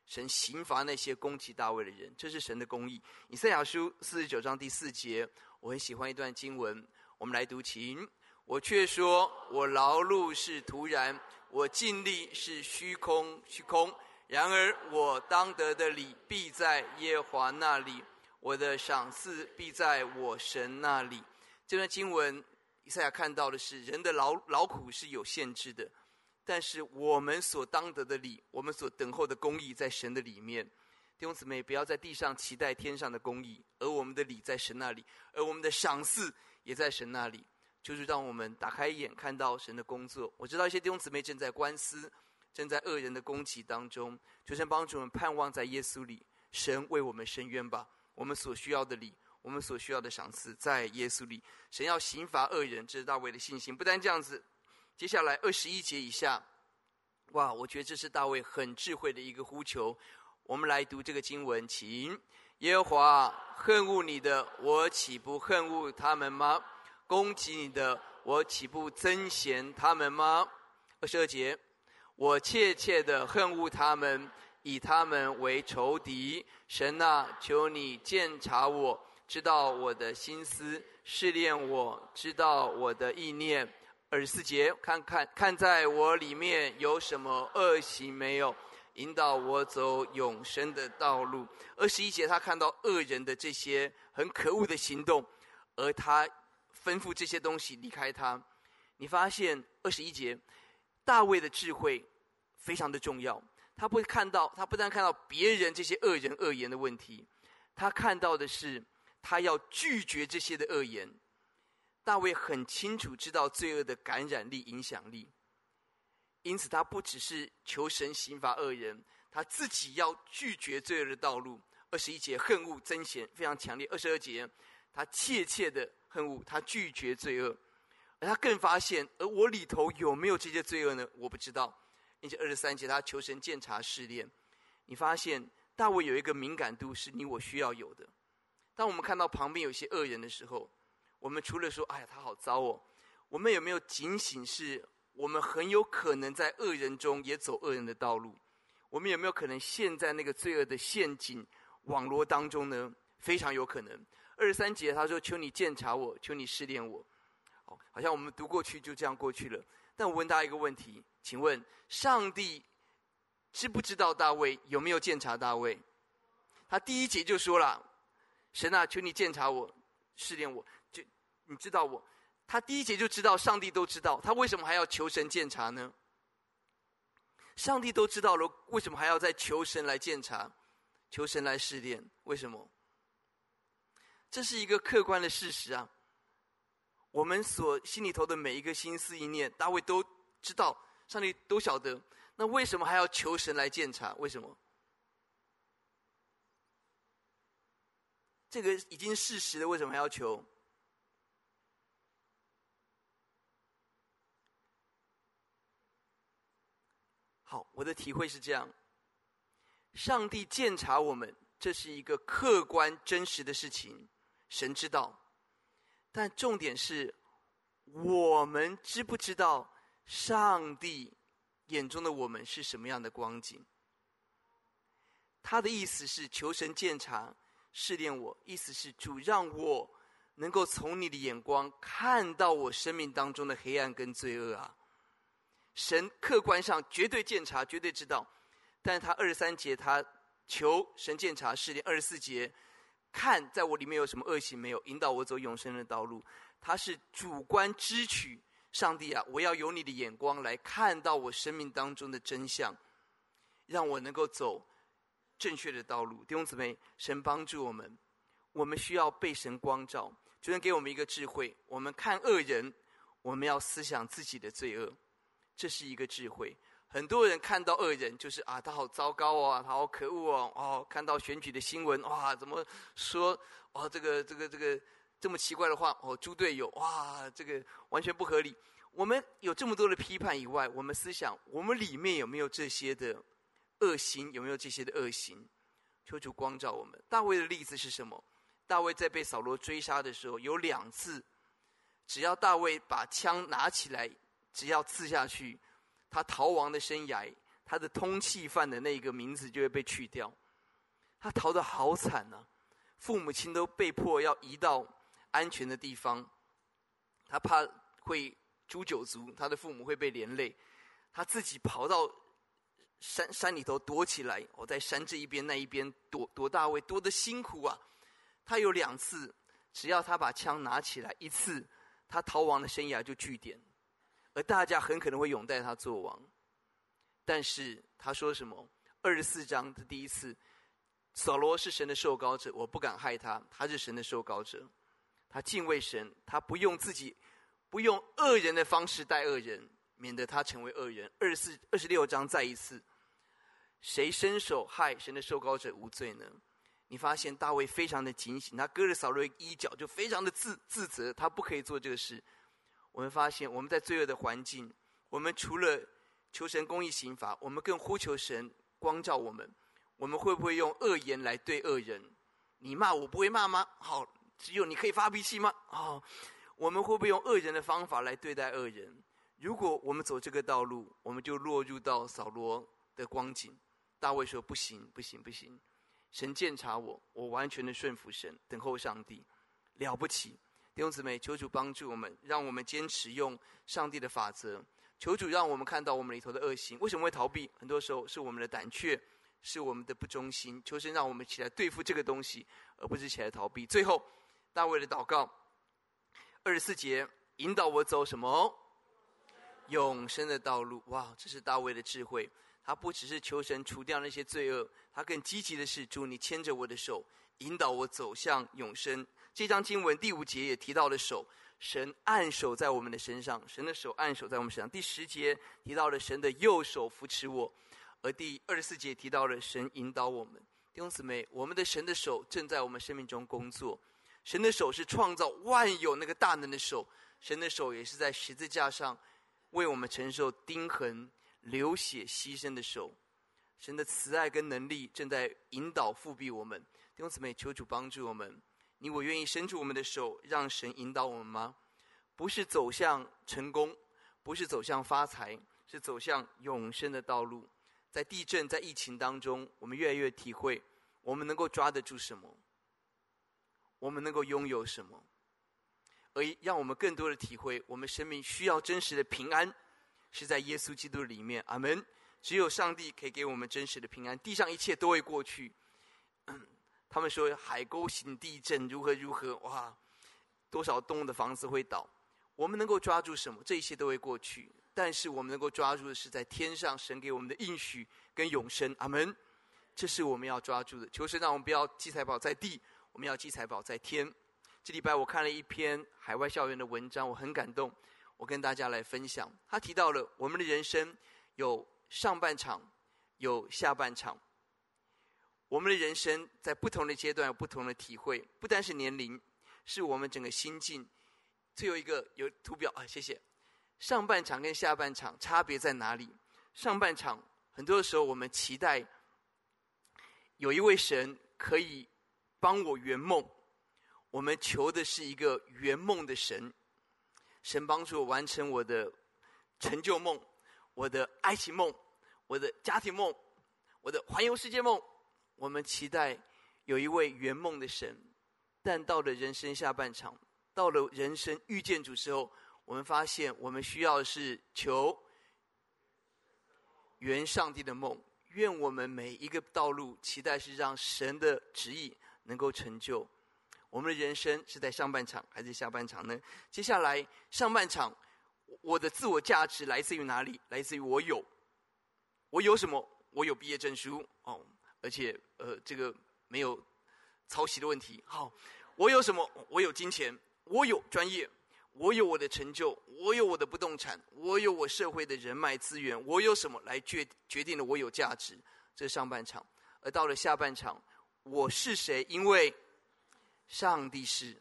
神刑罰那些攻擊大衛的人，這是神的公義。以賽亞書四十九章第四節，我很喜歡一段經文，我們來讀，請。我卻說我勞碌是徒然，我盡力是虛空，虛空。然而我當得的理必在耶和華那裡，我的賞賜必在我神那裡。這段經文，以賽亞看到的是人的勞勞苦是有限制的，但是我們所當得的理，我們所等候的公義在神的裡面。弟兄姊妹，不要在地上期待天上的公義，而我們的理在神那裡，而我們的賞賜也在神那裡，就是讓我們打開一眼看到神的工作。我知道一些弟兄姊妹正在官司。正在惡人的攻擊當中，求神幫助我們，盼望在耶穌裡，神為我們伸冤吧。我們所需要的理，我們所需要的賞賜，在耶穌裡，神要刑罰惡人，這是大衛的信心。不單這樣子，接下來二十一節以下，哇，我覺得這是大衛很智慧的一個呼求。我們來讀這個經文，請，耶和華恨惡你的，我豈不恨惡他們嗎？攻擊你的，我豈不憎嫌他們嗎？二十二節。我切切的恨惡他們，以他們為仇敵。神啊，求你鑒察我，知道我的心思，試煉我，知道我的意念。二十四節，看看看在我裡面有什麼惡行沒有，引導我走永生的道路。二十一節，他看到惡人的這些很可惡的行動，而他吩咐這些東西離開他。你發現二十一節。大衛的智慧非常的重要，他不會看到，他不但看到別人這些惡人惡言的問題，他看到的是他要拒絕這些的惡言。大衛很清楚知道罪惡的感染力、影響力，因此他不只是求神刑罰惡人，他自己要拒絕罪惡的道路。二十一節恨惡憎嫌非常強烈，二十二節他切切的恨惡，他拒絕罪惡。而他更發現，而我裡頭有沒有這些罪惡呢？我不知道。並且二十三節，他求神鑒察試煉。你發現大衛有一個敏感度，是你我需要有的。當我們看到旁邊有些惡人的時候，我們除了說“哎呀，他好糟哦”，我們有沒有警醒？是我們很有可能在惡人中也走惡人的道路？我們有沒有可能陷在那個罪惡的陷阱網絡當中呢？非常有可能。二十三節他說：“求你鑒察我，求你試煉我。”好像我們讀過去就這樣過去了。但我問大家一個問題，請問上帝知不知道大衛有沒有鑒察大衛？他第一節就說了：“神啊，求你鑒察我，試煉我，就你知道我。”他第一節就知道上帝都知道，他為什麼還要求神鑒察呢？上帝都知道了，為什麼還要再求神來鑒察？求神來試煉？為什麼？這是一個客觀的事實啊。我們所心裡頭的每一個心思意念，大衛都知道，上帝都曉得。那為什麼還要求神來鑒察，為什麼？這個已經事實了，為什麼還要求？好，我的體會是這樣：上帝鑒察我們，這是一個客觀真實的事情，神知道。但重點是，我們知不知道上帝眼中的我們是什麼樣的光景？他的意思是求神鑒察試煉我，意思是主讓我能夠從你的眼光看到我生命當中的黑暗跟罪惡啊。神客觀上絕對鑒察，絕對知道，但是他二十三節他求神鑒察試煉，二十四節。看在我裡面有什麼惡行沒有？引導我走永生的道路。他是主觀支取上帝啊！我要用你的眼光來看到我生命當中的真相，讓我能夠走正確的道路。弟兄姊妹，神幫助我們，我們需要被神光照。主能給我們一個智慧，我們看惡人，我們要思想自己的罪惡，這是一個智慧。很多人看到惡人，就是啊，他好糟糕啊，他好可惡啊，哦，看到選舉的新聞，哇，怎麼說？哦，這個這個這個這麼奇怪的話，哦，豬隊友，哇，這個完全不合理。我們有這麼多的批判以外，我們思想，我們裡面有沒有這些的惡行？有沒有這些的惡行？求主光照我們。大衛的例子是什麼？大衛在被掃羅追殺的時候，有兩次，只要大衛把槍拿起來，只要刺下去。他逃亡的生涯，他的通緝犯的那個名字就會被去掉。他逃得好慘吶、啊，父母親都被迫要移到安全的地方，他怕會誅九族，他的父母會被連累，他自己跑到山山裡頭躲起來。我在山這一邊那一邊躲躲，大衛躲得辛苦啊。他有兩次，只要他把槍拿起來一次，他逃亡的生涯就句點。而大家很可能會擁戴他做王，但是他說什麼？二十四章的第一次，掃羅是神的受膏者，我不敢害他，他是神的受膏者，他敬畏神，他不用自己，不用惡人的方式待惡人，免得他成為惡人。二十四二十六章再一次，誰伸手害神的受膏者無罪呢？你發現大衛非常的警醒，他割了掃羅衣角，就非常的自自責，他不可以做這個事。我們發現，我們在罪惡的環境，我們除了求神公義刑罰，我們更呼求神光照我們。我們會不會用惡言來對惡人？你罵我不會罵嗎？好，只有你可以發脾氣嗎？好，我們會不會用惡人的方法來對待惡人？如果我們走這個道路，我們就落入到掃羅的光景。大衛說：“不行，不行，不行！神鑒察我，我完全的順服神，等候上帝，了不起。”弟兄姊妹，求主幫助我們，讓我們堅持用上帝的法則。求主讓我們看到我們裡頭的惡行，為什麼會逃避？很多時候是我們的膽怯，是我們的不忠心。求神讓我們起來對付這個東西，而不是起來逃避。最後，大衛的禱告，二十四節，引導我走什麼？永生的道路。哇，這是大衛的智慧。他不只是求神除掉那些罪惡，他更積極的是，主，你牽着我的手。引導我走向永生。這章經文第五節也提到了手，神按手在我們的身上，神的手按手在我們身上。第十節提到了神的右手扶持我，而第二十四節提到了神引導我們。弟兄姊妹，我們的神的手正在我們生命中工作，神的手是創造萬有那個大能的手，神的手也是在十字架上為我們承受釘痕、流血犧牲的手，神的慈愛跟能力正在引導覆庇我們。弟兄姊妹，求主幫助我們。你我願意伸出我們的手，讓神引導我們嗎？不是走向成功，不是走向發財，是走向永生的道路。在地震、在疫情當中，我們越來越體會，我們能夠抓得住什麼？我們能夠擁有什麼？而讓我們更多的體會，我們生命需要真實的平安，是在耶穌基督裡面。阿門。只有上帝可以給我們真實的平安。地上一切都會過去。他們說海溝型地震如何如何哇，多少棟的房子會倒？我們能夠抓住什麼？這些都會過去，但是我們能夠抓住的是在天上神給我們的應許跟永生。阿門，這是我們要抓住的。求神讓我們不要積財寶在地，我們要積財寶在天。這禮拜我看了一篇海外校園的文章，我很感動，我跟大家來分享。他提到了我們的人生有上半場，有下半場。我們的人生在不同的階段有不同的體會，不單是年齡，是我們整個心境。最後一個有圖表啊，謝謝。上半場跟下半場差別在哪裡？上半場很多的時候，我們期待有一位神可以幫我圓夢，我們求的是一個圓夢的神，神幫助我完成我的成就夢、我的愛情夢、我的家庭夢、我的環遊世界夢。我們期待有一位圓夢的神，但到了人生下半場，到了人生遇見主時候，我們發現我們需要的是求圓上帝的夢。願我們每一個道路，期待是讓神的旨意能夠成就。我們的人生是在上半場還是下半場呢？接下來上半場，我的自我價值來自於哪裡？來自於我有，我有什麼？我有畢業證書哦。而且，呃，這個沒有抄襲的問題。好，哦，我有什麼？我有金錢，我有專業，我有我的成就，我有我的不動產，我有我社會的人脈資源。我有什麼來決決定了我有價值？這上半場。而到了下半場，我是誰？因為上帝是，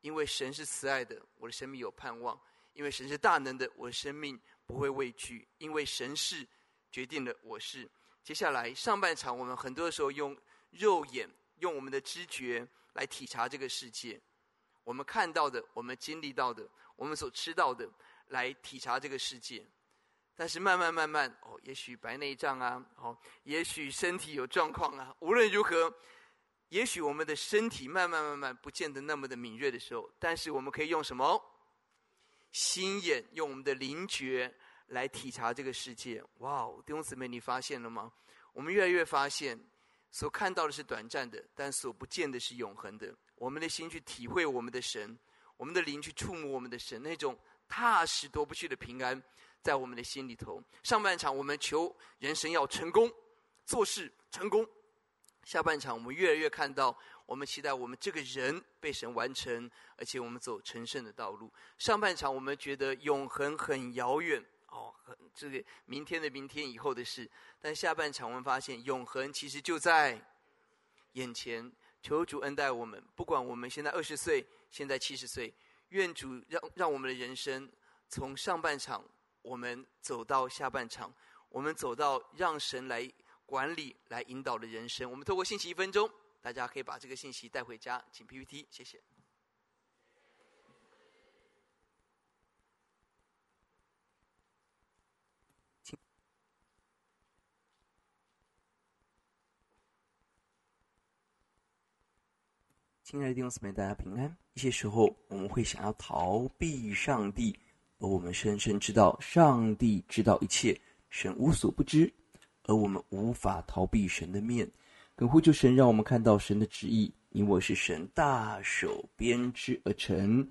因為神是慈愛的，我的生命有盼望；因為神是大能的，我的生命不會畏懼；因為神是決定了我是。接下來上半場，我們很多的時候用肉眼，用我們的知覺來體察這個世界。我們看到的，我們經歷到的，我們所吃到的，來體察這個世界。但是慢慢慢慢，哦，也許白內障啊，哦，也許身體有狀況啊。無論如何，也許我們的身體慢慢慢慢不見得那麼的敏銳的時候，但是我們可以用什麼？心眼，用我們的靈覺。來體察這個世界，哇哦！弟兄姊妹，你發現了嗎？我們越來越發現，所看到的是短暫的，但所不見的是永恆的。我們的心去體會我們的神，我們的靈去觸摸我們的神，那種踏實奪不去的平安，在我們的心裡頭。上半場我們求人生要成功，做事成功；下半場我們越來越看到，我們期待我們這個人被神完成，而且我們走成聖的道路。上半場我們覺得永恆很遙遠。哦，這個明天的明天以後的事，但下半場我們發現永恆其實就在眼前。求主恩待我們，不管我們現在二十歲，現在七十歲，願主讓讓我們的人生從上半場我們走到下半場，我們走到讓神來管理、來引導的人生。我們透過信息一分鐘，大家可以把這個信息帶回家。請 PPT，謝謝。親愛的弟兄姊妹，大家平安。一些時候，我們會想要逃避上帝，而我們深深知道，上帝知道一切，神無所不知，而我們無法逃避神的面。更呼求神，讓我們看到神的旨意。你我是神大手編織而成。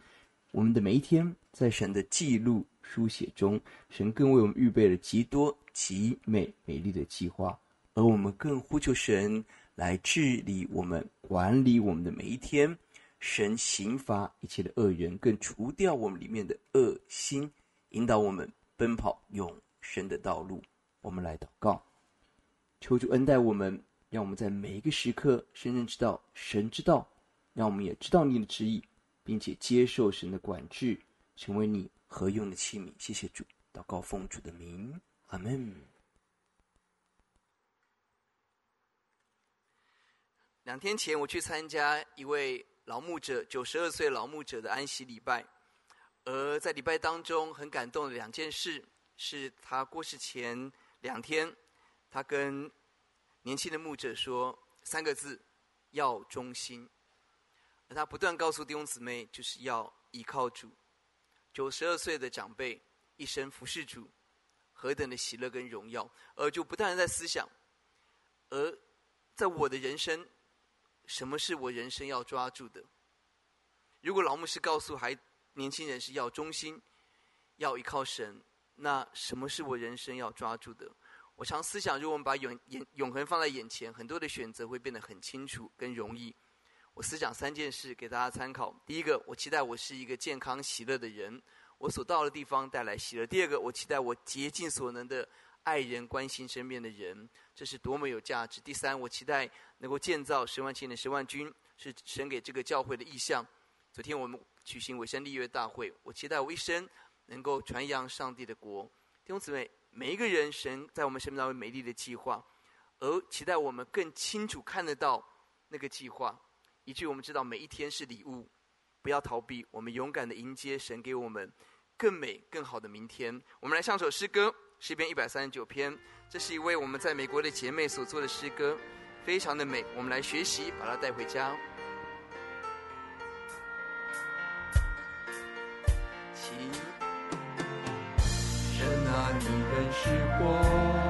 我們的每一天，在神的記錄書寫中，神更為我們預備了極多、極美、美麗的計劃。而我們更呼求神，來治理我們、管理我們的每一天，神刑罰一切的惡人，更除掉我們裡面的惡心，引導我們奔跑永生的道路。我們來禱告，求主恩待我們，讓我們在每一個時刻，深深知道，神知道，讓我們也知道你的旨意，並且接受神的管制，成為你合用的器皿。謝謝主，禱告奉主的名，阿門。兩天前，我去參加一位老牧者九十二歲老牧者的安息禮拜，而在禮拜當中，很感動的兩件事，是他過世前兩天，他跟年輕的牧者說三個字：要忠心。而他不斷告訴弟兄姊妹，就是要依靠主。九十二歲的長輩一生服侍主，何等的喜樂跟榮耀，而就不斷在思想。而在我的人生。什麼是我人生要抓住的？如果老牧師告訴還年輕人是要忠心，要依靠神，那什麼是我人生要抓住的？我常思想，如果我們把永永永恆放在眼前，很多的選擇會變得很清楚跟容易。我思想三件事給大家參考：第一個，我期待我是一個健康喜樂的人，我所到的地方帶來喜樂；第二個，我期待我竭盡所能的。愛人關心身邊的人，這是多麼有價值！第三，我期待能夠建造十萬青年、十萬軍，是神給這個教會的異象。昨天我們舉行委身立約大會，我期待我一生能夠傳揚上帝的國。弟兄姊妹，每一個人，神在我們身邊上有美麗的計劃，而期待我們更清楚看得到那個計劃。以至於，我們知道每一天是禮物，不要逃避，我們勇敢的迎接神給我們更美、更好的明天。我們來唱首詩歌。詩篇一百三十九篇，這是一位我們在美國的姐妹所做的詩歌，非常的美，我們來學習，把它帶回家，哦
請神啊。你認識我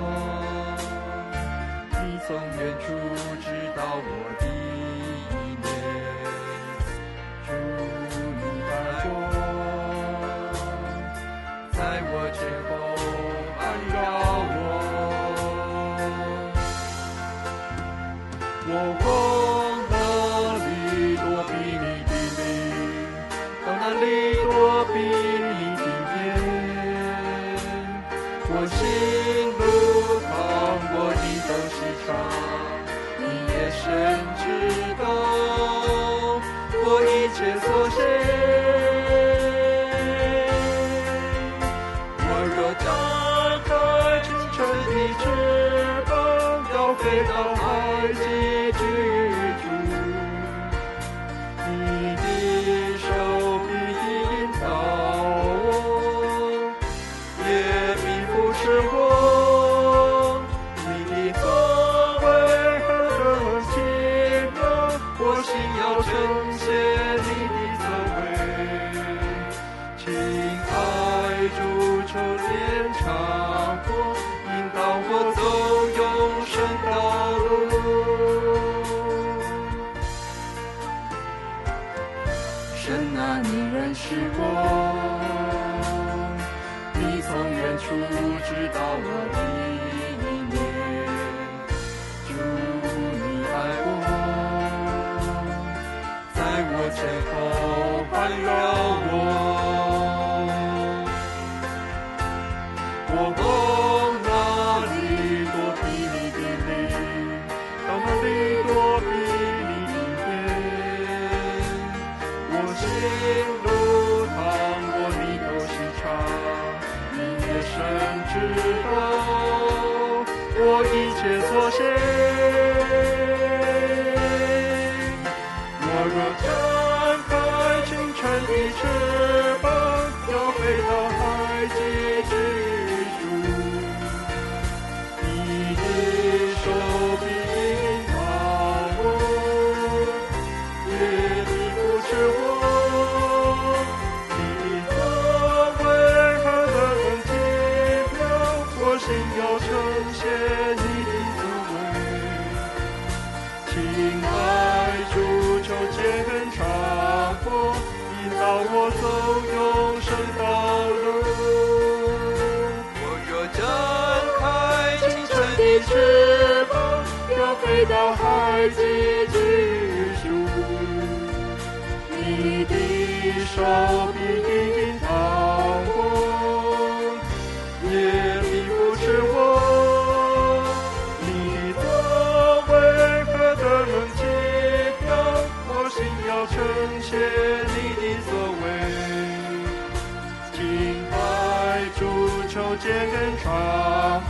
先人，掌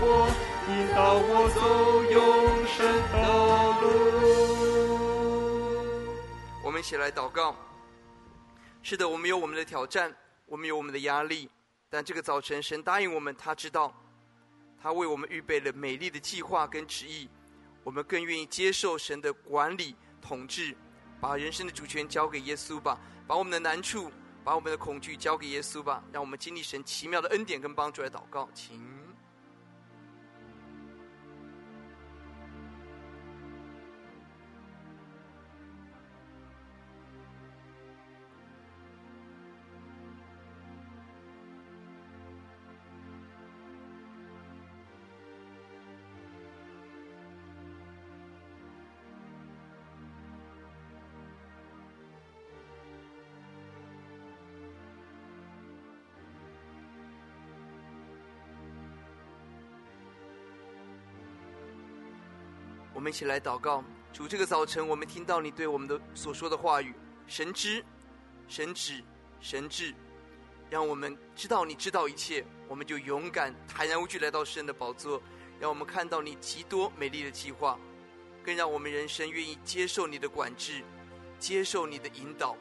握引導我走永生的道
路。我們一起來禱告。是的，我們有我們的挑戰，我們有我們的壓力，但這個早晨，神答應我們，他知道，他為我們預備了美麗的計劃跟旨意。我們更願意接受神的管理統治，把人生的主權交給耶穌吧，把我們的難處。把我們的恐懼交給耶穌吧，讓我們經歷神奇妙的恩典跟幫助。來禱告，請。我們一起來禱告：主，這個早晨我們聽到你對我們的所說的話語，神知、神旨、神治，讓我們知道你知道一切，我們就勇敢坦然無懼來到神的寶座。讓我們看到你極多美麗的計劃，更讓我們人生願意接受你的管制，接受你的引導。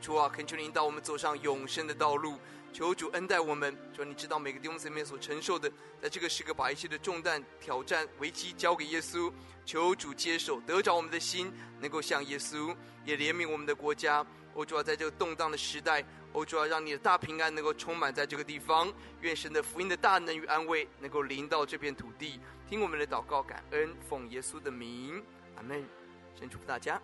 主啊，懇求你引導我們走上永生的道路。求主恩待我們，說你知道每個弟兄姊妹所承受的，在這個時刻把一切的重擔、挑戰、危機交給耶穌，求主接受，得着我們的心，能夠向耶穌也憐憫我們的國家。我、哦、主啊，在這個動盪的時代，我、哦、主啊，讓你的大平安能夠充滿在這個地方。願神的福音的大能與安慰能夠臨到這片土地。聽我們的禱告，感恩，奉耶穌的名，阿門。神祝福大家。